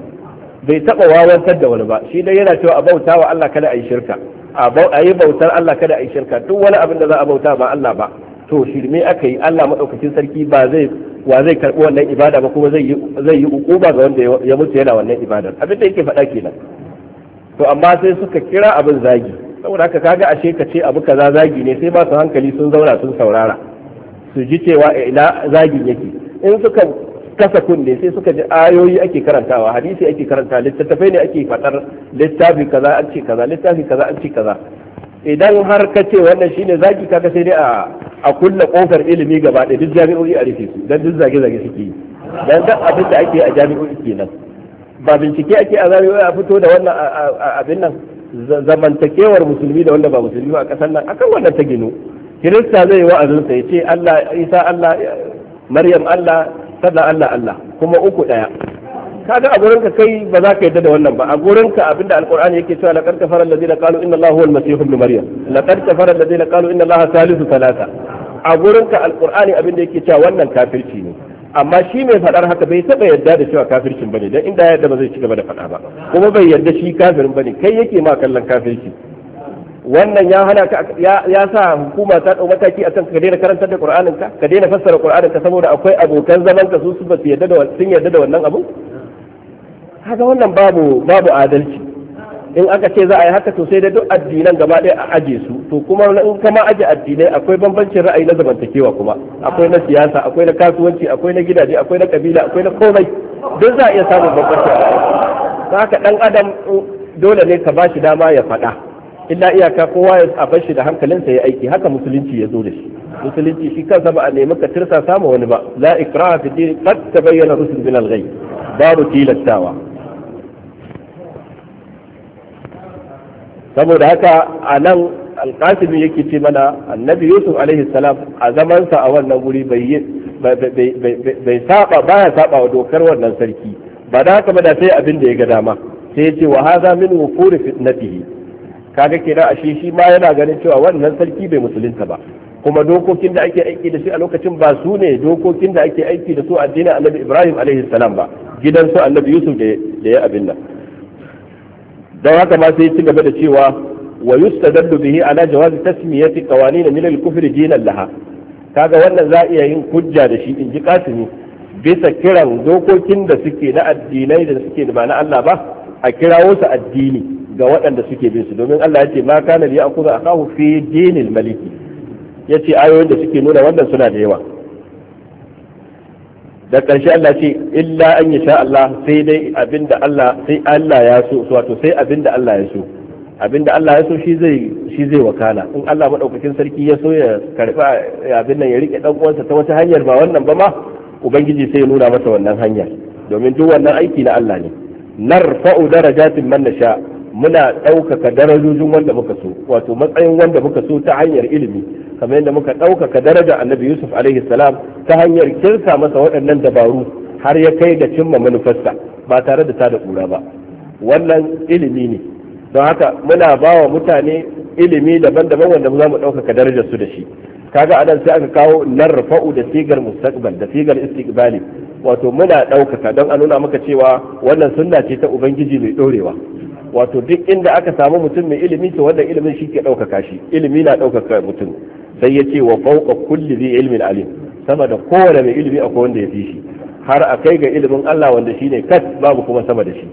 bai taba wawantar da wani ba shi dai yana cewa a bauta wa Allah kada a yi shirka a yi bautar Allah kada a yi shirka duk wani abin da za a bauta ba Allah ba to shirme aka yi Allah madaukakin sarki ba zai wa zai karbi wannan ibada ba kuma zai yi zai ga wanda ya mutu yana wannan ibadar abin da yake faɗa kenan to amma sai suka kira abin zagi saboda haka kaga ashe ka ce abu kaza zagi ne sai ba su hankali sun zauna sun saurara su ji cewa eh, ina zagin yake in suka kasa kunne sai suka ji ayoyi ake karantawa hadisi ake karanta littattafai ne ake faɗar littafi kaza an ce kaza littafi kaza an ce kaza idan har ka ce wannan shine zaki kaga sai dai a a kulle kofar ilimi gaba ɗaya duk jami'o'i a rufe su dan duk zage-zage suke yi dan duk abin da ake a jami'o'i kenan ba bincike ake a jami'o'i a fito da wannan abin nan zamantakewar musulmi da wanda ba musulmi a kasar nan akan wannan ta gino kirista zai wa'azin sa yace Allah Isa Allah Maryam Allah sallallahu Allah Allah kuma uku daya kaga a gurin ka kai ba za ka yadda da wannan ba a gurin ka abinda alqur'ani yake cewa laqad kafara alladheena qalu inna allaha huwa al-masih ibn maryam laqad kafara alladheena qalu inna allaha thalithu thalatha a gurin ka alqur'ani abinda yake cewa wannan kafirci ne amma shi mai fadar haka bai taba yadda da cewa kafircin bane dan inda yadda ba zai ci gaba da fada ba kuma bai yadda shi kafirin bane kai yake ma kallon kafirci wannan ya hana ka ya sa hukuma ta dau mataki akan ka daina karantar da qur'aninka ka daina fassara qur'aninka saboda akwai abokan zaman ka su su ba su yadda da sun yadda da wannan abu haka wannan babu babu adalci in aka ce za a yi haka to sai da duk addinan gaba ɗaya a aje su to kuma in kama aje addinai akwai bambancin ra'ayi na zamantakewa kuma akwai na siyasa akwai na kasuwanci akwai na gidaje akwai na kabila akwai na komai duk za a iya samun bambancin ra'ayi haka dan adam dole ne ka bashi dama ya faɗa illa iyaka kowa ya a bashi da da hankalinsa ya aiki haka musulunci ya zo da shi musulunci shi kansa ba a nemi ka tirsa samu wani ba la ikraha fi din qad tabayyana rusul min al-ghayb babu tilastawa saboda haka a nan alkasimi yake ce mana annabi yusuf alaihi salam a zamansa a wannan wuri bai saba ya saba wa dokar wannan sarki ba da haka ba da sai abin da ya ga dama sai ya ce wa haza min wufuri fitnatihi kaga kenan ashe shi ma yana ganin cewa wannan sarki bai musulunta ba kuma dokokin da ake aiki da shi a lokacin ba su ne dokokin da ake aiki da su addinin annabi ibrahim alaihi salam ba gidan su annabi yusuf da ya abin nan don haka ma sai ci gaba da cewa wa yustadallu bihi ala jawazi tasmiyati qawanin min al-kufri dinan laha kaga wannan za iya yin hujja da shi in ji kasimi bisa kiran dokokin da suke na addinai da suke da ba na Allah ba a kirawo su addini ga waɗanda suke bin su domin Allah ya ce ma kana li ya'khudha akahu fi dinil maliki yace ayoyin da suke nuna wannan suna da yawa da ƙarshe Allah ce illa an yi sha Allah sai dai abinda Allah sai Allah ya so wato sai abinda Allah ya so abinda Allah ya so shi zai shi zai wakala in Allah madaukakin sarki ya so ya karba abin nan ya rike dan uwansa ta wata hanyar ba wannan ba ma ubangiji sai ya nuna masa wannan hanyar domin duk wannan aiki na Allah ne narfa'u darajatin man nasha muna ɗaukaka darajojin wanda muka so wato matsayin wanda muka so ta hanyar ilimi kamar yadda muka ɗaukaka daraja annabi yusuf alaihi salam ta hanyar kirsa masa waɗannan dabaru har ya kai da cimma manufarsa ba tare da da ƙura ba wannan ilimi ne don haka muna ba wa mutane ilimi daban-daban wanda za mu ɗaukaka darajar su da shi kaga anan sai aka kawo nan rufau da sigar mustaqbal da sigar istiqbali wato muna ɗaukaka don a nuna maka cewa wannan sunna ce ta ubangiji mai ɗorewa wato duk inda aka samu mutum mai ilimi to wannan ilimin shi ke ɗaukaka shi ilimi na ɗaukaka mutum sai ya ce wa fauka kulli zai ilmin alim sama da kowane mai ilimi akwai wanda ya fi shi har a kai ga ilimin Allah wanda shine kat babu kuma sama da shi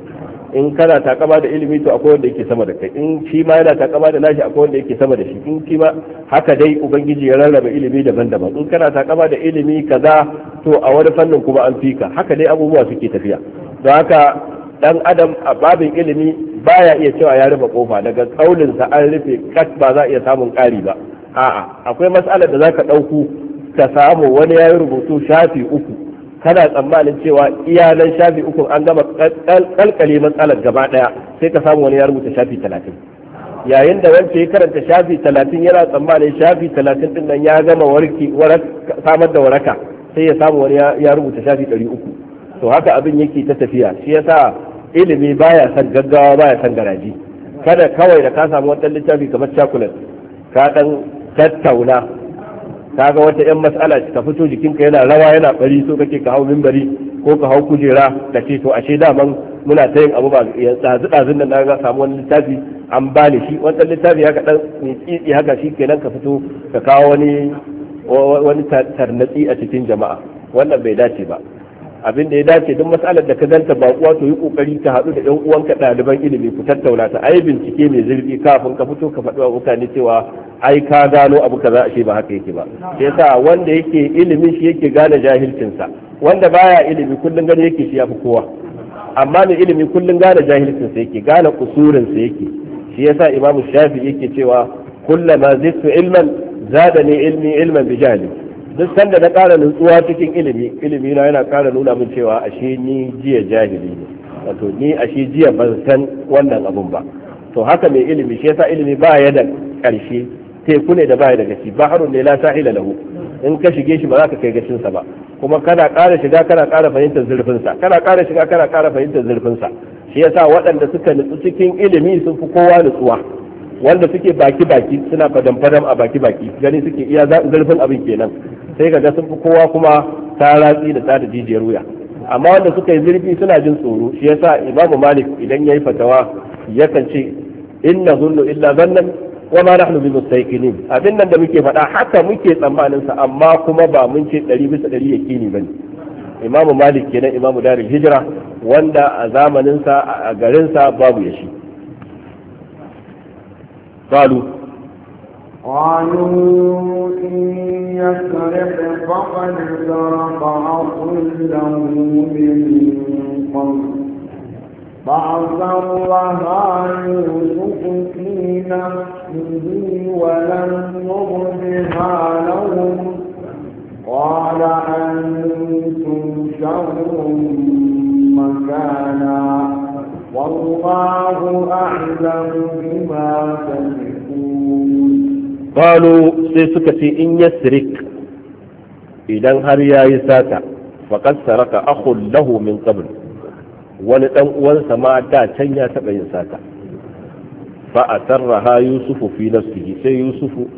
in kana takama da ilimi to akwai wanda yake sama da kai in shi ma yana takama da nashi akwai wanda yake sama da shi in shi ma haka dai ubangiji ya rarraba ilimi daban-daban in kana takama da ilimi kaza to a wani fannin kuma an fika haka dai abubuwa suke tafiya don haka dan adam a babin ilimi baya iya cewa ya rufe kofa daga kaulinsa an rufe kat ba za a iya samun ƙari ba a'a akwai matsalar da zaka ɗauku ka samu wani ya yi rubutu shafi uku kana tsammanin cewa iyalan shafi uku an gama kalkale matsalar gaba ɗaya sai ka samu wani ya rubuta shafi talatin yayin da wance ya karanta shafi talatin yana tsammanin shafi talatin din nan ya gama warki samar da waraka sai ya samu wani ya rubuta shafi ɗari uku to haka abin yake ta tafiya shi yasa ilimi baya san gaggawa baya san garaji kada kawai da ka samu wani littafi kamar cakulet ka dan tattauna kaga wata yan mas'ala ka fito jikinka yana rawa yana bari so kake ka hau minbari ko ka hau kujera ka ce to ashe daman muna ta yin abu ba ya tsazu tsazun nan na samu wani littafi an bani shi wani littafi haka dan tsitsi haka shi kenan ka fito ka kawo wani wani tarnatsi a cikin jama'a wannan bai dace ba abin da ya dace duk matsalar da ka zanta kuwa to yi kokari ka haɗu da yan uwanka ɗaliban ilimi ku tattauna ta ayi bincike mai zurfi kafin ka fito ka faɗi wa mutane cewa ai ka gano abu kaza shi ba haka yake ba shi yasa wanda yake ilimin shi yake gane jahilcinsa wanda baya ilimi kullun gane yake shi yafi kowa amma mai ilimi kullun gane jahilcinsa yake gane kusurinsa yake shi yasa imamu shafi yake cewa kullama zittu ilman zadani ilmi ilman bi jahli duk sanda na ƙara nutsuwa cikin ilimi ilimi na yana ƙara nuna min cewa ashe ni jiya jahili ne wato ni ashe jiya ban san wannan abun ba to haka mai ilimi shi yasa ilimi ba ya da ƙarshe teku ne da baya da gashi harun ne la sahila lahu in ka shige shi ba za ka kai gashin sa ba kuma kana ƙara shiga kana ƙara fahimtar zurfin sa kana ƙara shiga kana ƙara fahimtar zurfin sa shi yasa waɗanda suka nutsu cikin ilimi sun fi kowa nutsuwa wanda suke baki baki suna fadan fadam a baki baki gani suke iya zurfin abin kenan sai ga sun fi kowa kuma ta ratsi da ta da jijiyar wuya amma wanda suka yi zurfi suna jin tsoro shi yasa imamu malik idan yayi fatawa yakan ce inna zunnu illa zannan wa ma nahnu bi mustaqinin abin nan da muke faɗa haka muke tsammanin sa amma kuma ba mun ce 100 bisa 100 yakini bane imamu malik kenan imamu darul hijra wanda a zamanin sa a garin sa babu yashi qalu قالوا إن يسرق فقد سرق أخ له من قبل فعصرها يوسف في نفسه ولم يرضها لهم قال أنتم شر مكانا والله أعلم بما تشركون قالوا في إن يسرك إذا هر يا يساتا فقد سرق أخ له من قبل wani dan uwansa ma da can ya taba yin sata fa asarraha yusufu fi nafsihi sai yusufu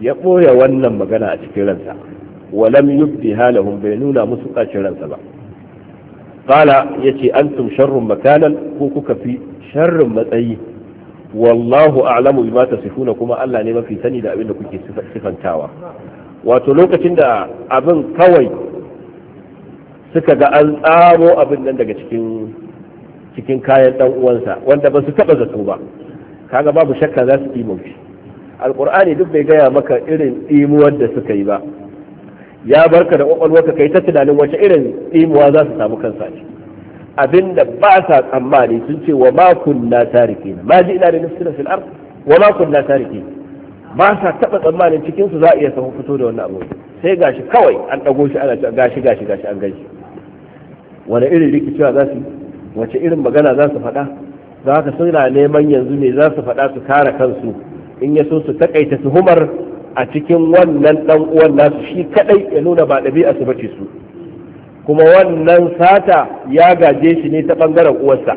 ya boye wannan magana a cikin ransa walam yubdiha lahum bai nuna musu kacin ransa ba qala yace antum sharrun makanan ko kuka fi sharrin matsayi wallahu a'lamu bima tasifuna kuma Allah ne mafi sani da abin da kuke sifantawa wato lokacin da abin kawai suka ga an tsamo abin nan daga cikin cikin kayan dan uwansa wanda ba su taba zato ba kaga babu shakka za su ɗimo shi alqur'ani duk bai gaya maka irin ɗimuwar da suka yi ba ya barka da kwakwalwarka kai ta tunanin wace irin ɗimuwa za su samu kansa ce abinda ba sa tsammani sun ce wa ma kunna tarikina ma ji ina da nufsina fil ard wa ma kunna tarikina ba sa taɓa tsammanin cikinsu za a iya samu fito da wannan abu sai gashi kawai an ɗago shi ana gashi gashi gashi an gashi wani irin rikicewa za su wace irin magana za su faɗa za ka suna neman yanzu ne za su faɗa su kare kansu in ya so su takaita tuhumar a cikin wannan dan uwan nasu shi kadai ya nuna ba ɗabi'a su bace su kuma wannan sata ya gaje shi ne ta bangaren uwarsa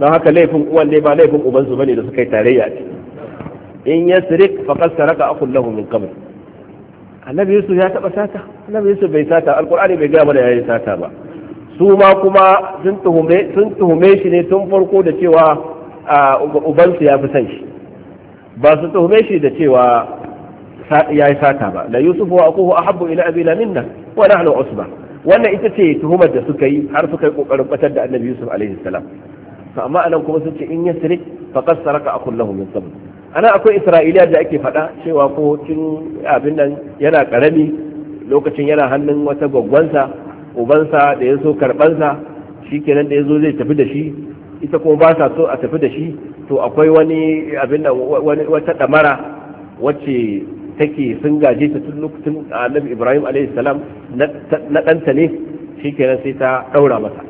don haka laifin uwan ne ba laifin ubansu bane da suka yi tarayya ce in ya sirik faqad saraka akun lahu min qabl annabi yusuf ya taba sata annabi yusuf bai sata alqur'ani bai gaya mana yayi sata ba su ma kuma sun tuhume shi ne tun farko da cewa ubansu ya fi san shi ba su tuhume shi da cewa ya yi sata ba Na yusuf wa akuhu ahabbu ila abina minna wa nahnu usba wannan ita ce tuhumar da suka yi har suka yi kokarin batar da annabi yusuf alaihi salam amma anan kuma sun ce in yasrik faqad saraka akul min qabl ana akwai isra'iliya da ake faɗa cewa ko tun abin nan yana karami lokacin yana hannun wata gwaggwansa ubansa da ya so karbansa shi kenan da ya zo zai tafi da shi ita kuma ba sa so a tafi da shi to akwai wani abin wata damara wacce take sun gaje ta tun lokacin annabi ibrahim alaihi salam na ɗanta ne shi kenan sai ta ɗaura masa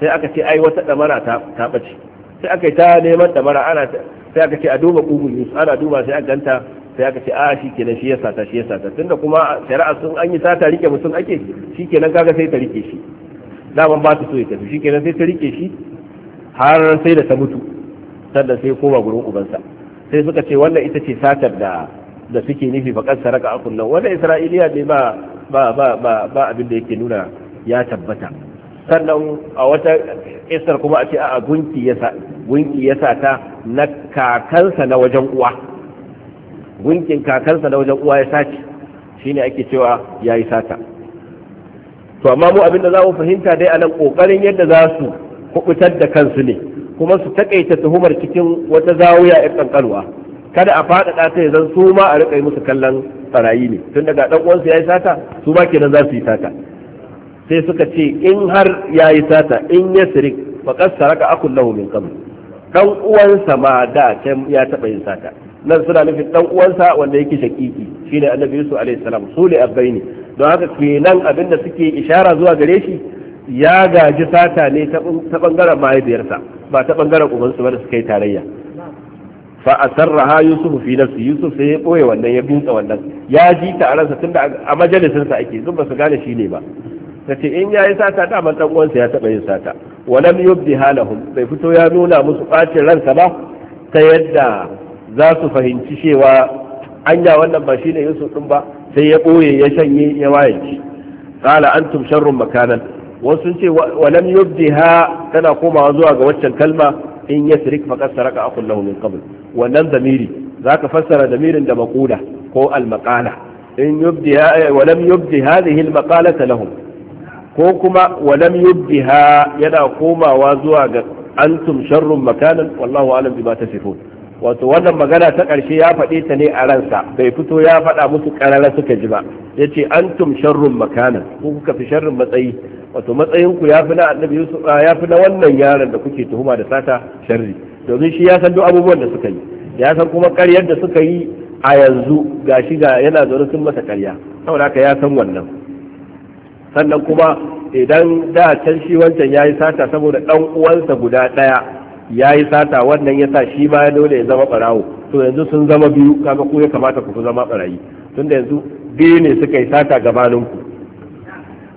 sai aka ce ai wata damara ta bace sai aka yi ta neman damara ana sai aka ce a duba ƙugun yusuf ana duba sai a ganta sai aka ce a shi kenan shi ya sata shi ya sata tunda kuma shari'a sun an yi sata rike mutum ake shi kenan kaga sai ta rike shi daman ba ta so ya tafi shi kenan sai ta rike shi har sai da ta mutu sannan sai koma gurin ubansa sai suka ce wannan ita ce satar da da suke nufi faƙar saraka akun nan wanda isra'iliya ne ba ba ba ba ba abin da yake nuna ya tabbata sannan a wata isar kuma a ce a gunki ya sa gunki ya sa na kakansa na wajen uwa gunkin kakansa da wajen uwa ya sace shine ake cewa ya yi sata to amma mu abin da za mu fahimta dai anan ƙoƙarin yadda za su kubutar da kansu ne kuma su taƙaita tuhumar cikin wata zawuya ya ƙanƙalwa kada a faɗaɗa ta ya zan su ma a riƙa yi musu kallon barayi ne tun daga ɗan uwansu ya yi sata su ma kenan za su yi sata sai suka ce in har ya yi sata in ya sirik faqad saraka akul lahu min qabl dan uwansa ma da ya taɓa yin sata nan suna nufin dan uwansa wanda yake shakiki ne annabi yusuf alayhi salam su ne abbaini don haka ke nan abinda suke ishara zuwa gare shi ya gaji sata ne ta bangaren mahaifiyarsa ba ta bangaren ubansu ba da suka yi tarayya fa ha yusuf fi nafsi yusuf sai ya boye wannan ya binta wannan ya ji ta a ransa tunda a majalisin sa ake zuba su gane shi ne ba tace in yayi sata da man dan uwansa ya taba yin sata walam yubdi halahum bai fito ya nuna musu bacin ransa ba ta yadda za su fahimci cewa anya wannan ba shi shine yusuf din ba sai ya ɓoye ya shanye ya wayanci qala tum sharrun makanan wasu ce walam ha tana komawa zuwa ga waccan kalma in yasrik faqad saraka akul lahu min qabl wannan zamiri ka fassara zamirin da maquda ko almaƙala. maqala in yubdiha eh, walam yubdi hadhihi al maqalata lahum ko kuma walam ha yana komawa zuwa ga antum sharrun makanan wallahu alam bima tasifun wato wannan magana ta ƙarshe ya faɗe ta ne a ransa bai fito ya faɗa musu ƙarara suka ji ba ya ce an tum sharrun makanan ko kuka fi sharrun matsayi wato matsayinku ya fi na annabi yusuf ya fi na wannan yaron da kuke tuhuma da sata sharri domin shi ya san duk abubuwan da suka yi ya san kuma ƙaryar da suka yi a yanzu ga shi ga yana zaune sun masa ƙarya saboda haka ya san wannan sannan kuma idan da can shi wancan ya yi sata saboda ɗan uwansa guda ɗaya ya yi sata wannan ya sa shi ma dole ya zama barawo to yanzu sun zama biyu kaga ku ya kamata ku zama barayi tunda yanzu biyu ne suka yi sata gabanin ku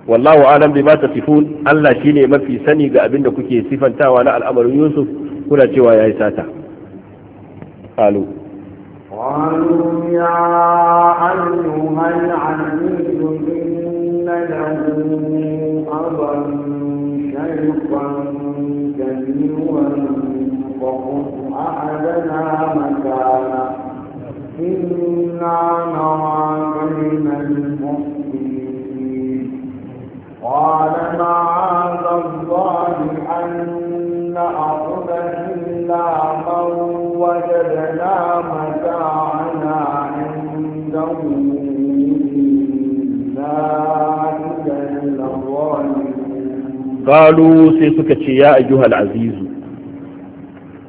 wallahu alam ma tasifun Allah shine mafi sani ga abin da kuke sifantawa na al'amarin Yusuf kuna cewa ya yi sata alu قالوا يا أيها العزيز إن له أبا شيخا كبيرا فخذ أحدنا مكانه إنا نراك من المحسنين قال معاذ الله أن نأخذ إلا من وجدنا مكانه Kalu sai suka ce ya ayyuhal azizu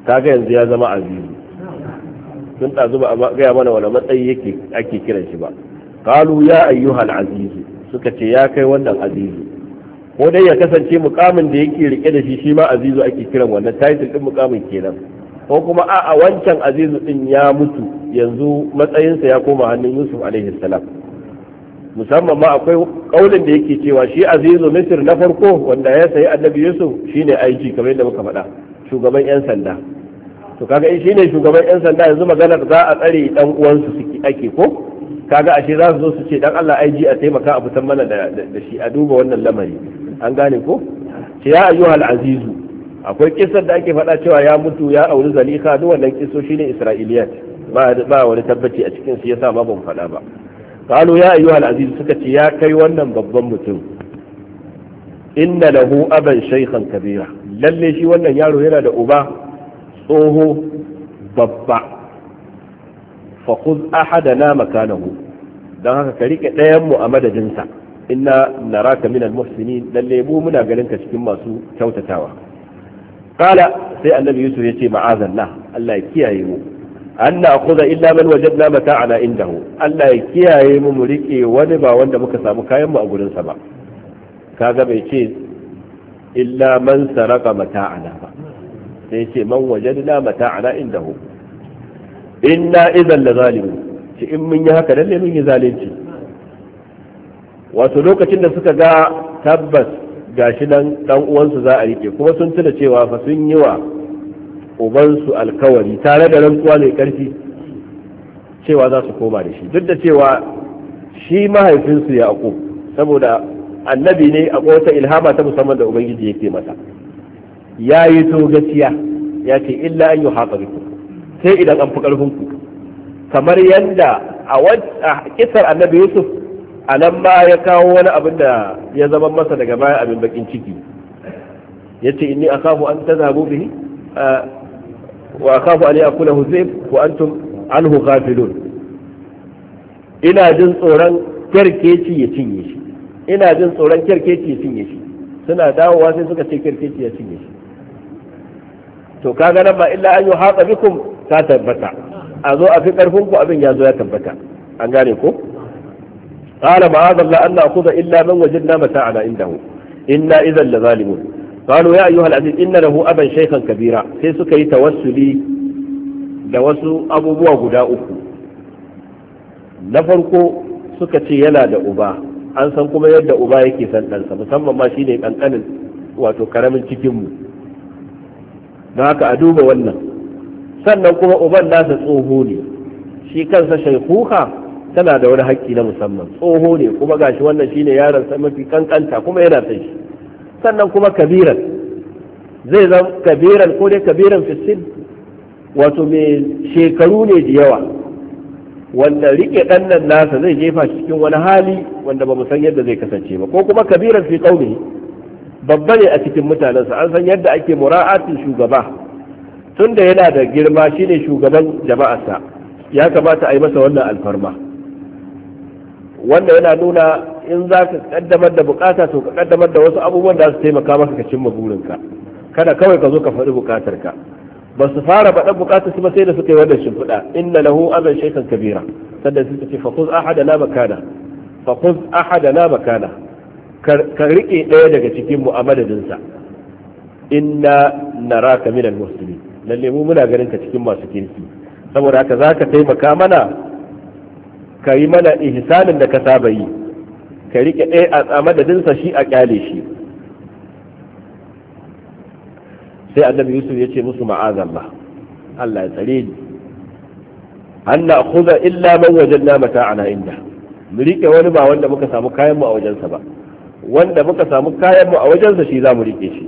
kaga yanzu ya zama azizu sun ɗazu ba a gaya mana wani matsayi yake ake kiran shi ba kalu ya ayyuhal azizu suka ce ya kai wannan azizu ko dai ya kasance mukamin da yake rike da shi shi ma azizu ake kiran wannan title din mukamin kenan ko kuma a wancan azizu din ya mutu yanzu matsayinsa ya koma hannun yusuf alaihi salam musamman ma akwai kaulin da yake cewa shi azizu misir na farko wanda ya sayi annabi yusuf shine aiki kamar yadda muka faɗa shugaban yan sanda to kaga in shine shugaban yan sanda yanzu maganar za a tsare dan uwansu suke ake ko kaga ashe za su zo su ce dan Allah aiji a taimaka a fitan mana da shi a duba wannan lamari an gane ko ce ya ayyuhal azizu akwai kisar da ake faɗa cewa ya mutu ya auri zalika duk wannan kiso shine isra'iliyat ba wani tabbaci a cikin su yasa ma ban faɗa ba qalu ya ayyuhal aziz suka ce ya kai wannan babban mutum inna lahu aban shaykhan kabira lalle shi wannan yaro yana da uba tsoho babba fa khudh ahadana makanahu dan haka ka rike ɗayan mu a madadinsa inna naraka minal muhsinin lalle mu muna ganin ka cikin masu kyautatawa qala sai annabi yusuf ya yace ma'azallah Allah ya kiyaye mu an na'khudha illa man wajadna mata'ana indahu Allah ya kiyaye mu mu rike wani ba wanda muka samu kayan mu a gurinsa ba kaga bai ce illa man saraka mata'ana ba sai ce man wajadna mata'ana indahu inna idan la zalimu ci in mun yi haka lalle mun yi zalunci wato lokacin da suka ga tabbas gashi dan dan uwansu za a rike kuma sun tuna cewa fa sun yi wa ubansu alkawari tare da rantsuwa mai karfi cewa za su koma da shi duk da cewa shi mahaifinsu ya ako saboda annabi ne a wata ilhama ta musamman da ubangiji yake masa ya yi to gaciya ya ce illa an yi sai idan an fi ƙarfinku kamar yadda a kisar annabi yusuf a nan ma ya kawo wani abin da ya zama masa daga baya abin bakin ciki ya ce inni a kafu an ta zabu bihi wa a kafu an yi akula hussein ko an tun an hukafilun ina jin tsoron kyarkeci ya cinye shi ina jin tsoron kyarkeci ya cinye shi suna dawowa sai suka ce kyarkeci ya cinye shi to kaga nan ba illa an yi haɗa bikum ta tabbata a zo a fi ƙarfinku abin ya zo ya tabbata an gane ko قال معاذ الله أن نأخذ إلا من وجدنا متاعنا عنده إنا إذا لظالمون قالوا يا أيها العزيز إن له أبا شيخا كبيرا sai suka yi tawassuli da wasu abubuwa guda uku na farko suka ce yana da uba an san kuma yadda uba yake san ɗansa musamman ma shine ƙanƙanin wato karamin cikinmu don haka a duba wannan sannan kuma uban nasa tsoho ne shi kansa shaikuka tana da wani hakki na musamman tsoho ne kuma gashi wannan shine yaron sa mafi kankanta kuma yana san shi sannan kuma kabiran zai zama kabiran ko dai kabiran fisil wato mai shekaru ne da yawa wanda rike ɗan nasa zai jefa cikin wani hali wanda ba mu san yadda zai kasance ba ko kuma kabiran fi kauni babba ne a cikin mutanensa an san yadda ake mura'atin shugaba tunda yana da girma shine shugaban jama'arsa ya kamata a yi masa wannan alfarma wanda yana nuna in za ka kaddamar da bukata to ka kaddamar da wasu abubuwan da su taimaka maka ka cimma burinka kada kawai ka zo ka faɗi bukatarka ba su fara faɗan bukatar su ba sai da suka yi wannan shimfiɗa inna lahu azan shaytan kabira sannan suka ce fa khuz ahadana makana fa khuz ahadana makana ka rike ɗaya daga cikin mu a madadin sa inna naraka minal muslimin lalle mu muna ganin ka cikin masu kirki saboda haka zaka taimaka mana ka yi mana ihsanin da ka saba yi ka rike ɗaya a dinsa shi a kyale shi sai annabi yusuf ya ce musu ma'azalla Allah ya tsare ni an na kuza illa man wajen na mata ana inda mu rike wani ba wanda muka samu kayan mu a wajensa ba wanda muka samu kayan mu a wajensa shi za mu rike shi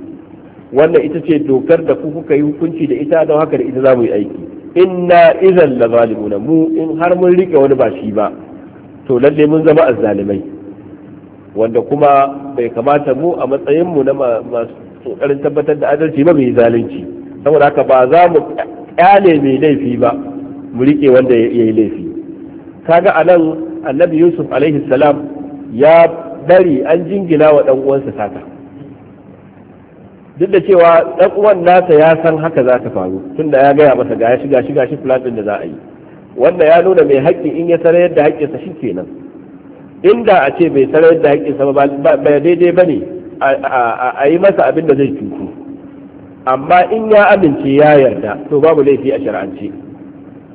wannan ita ce dokar da ku kuka yi hukunci da ita don haka da ita za mu yi aiki inna idan la zalimuna mu in har mun rike wani ba shi ba to lalle mun zama azzalimai wanda kuma bai kamata mu a matsayin mu na masu kokarin tabbatar da adalci ba mai zalunci saboda haka ba za mu kyale mai laifi ba mu rike wanda ya yi laifi kaga anan annabi yusuf alaihi salam ya dari an jingina wa dan uwansa sata duk da cewa ɗan uwan nasa ya san haka za ta faru tunda ya gaya masa ga ya shiga shiga shi ɗin da za a yi wanda ya nuna mai haƙƙi in ya sanar yadda haƙƙinsa shi kenan inda a ce bai sanar yadda haƙƙinsa ba ba daidai ba ne a yi masa abin da zai cutu amma in ya amince ya yarda to babu laifi a shari'ance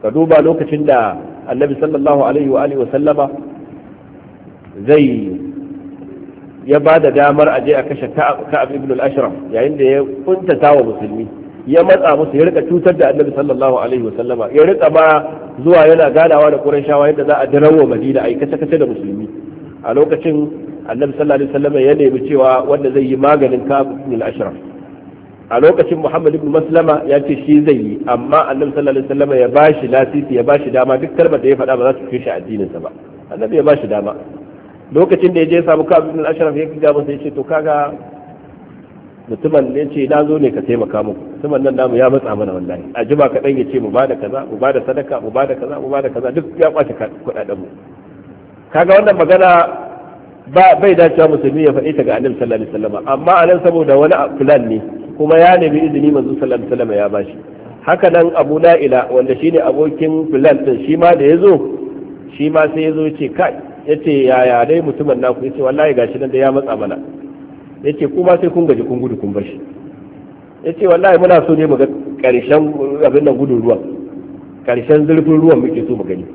ka duba lokacin da annabi sallallahu alaihi wa wa sallama zai ya ba da damar a je a kashe ka'ab ibn al-ashraf yayin da ya kuntata wa musulmi ya matsa musu ya rika cutar da annabi sallallahu alaihi wa sallama ya rika ma zuwa yana ganawa da qurayshawa yadda za a dirawo madina ai kace kace da musulmi a lokacin annabi sallallahu alaihi wa sallama ya nemi cewa wanda zai yi maganin ka'ab ibn al-ashraf a lokacin muhammad ibn maslama ya ce shi zai yi amma annabi sallallahu alaihi wasallam ya bashi lasisi ya bashi dama duk kalmar da ya faɗa ba za su fi shi addinin sa ba annabi ya bashi dama lokacin da ya je ya samu kabu ibn ashraf ya kiga masa ce to kaga mutumin ne ce na zo ne ka taimaka mu mutumin nan namu ya matsa mana wallahi a jima kaɗan ya ce mu ba da kaza mu ba da sadaka mu ba da kaza mu ba da kaza duk ya kwace kuɗaɗen mu kaga wannan magana ba bai dacewa musulmi ya faɗi ta ga annabi sallallahu alaihi wasallam amma anan saboda wani fulan ne kuma ya nemi izini manzo sallallahu alaihi wasallam ya bashi haka nan abu la'ila wanda shine abokin fulan din shi ma da yazo shi ma sai yazo ce kai yace yaya dai mutumin naku yace wallahi gashi nan da ya matsa mana yace kuma sai kun gaji kun gudu kun bar shi yace wallahi muna so ne mu ga karshen abin nan gudun ruwan karshen zurfin ruwan muke so mu gani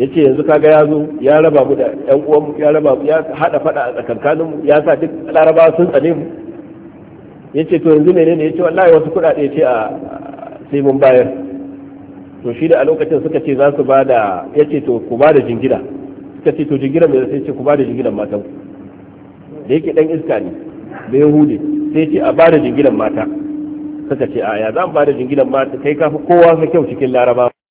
yace yanzu kaga ya zo ya raba mu da yan uwan mu ya raba mu ya hada fada a tsakankanin mu ya sa duk laraba sun tsane mu yace to yanzu menene yace wallahi wasu kudade ce a sai mun bayar to shi da a lokacin suka ce za su ba da ya ce to ku ba da suka ce to jingira mai sai ce ku ba da matan da yake dan iska ne da yahudi sai ce a ba da mata suka ce a ya za mu ba da mata kai kafi kowa ka kyau cikin laraba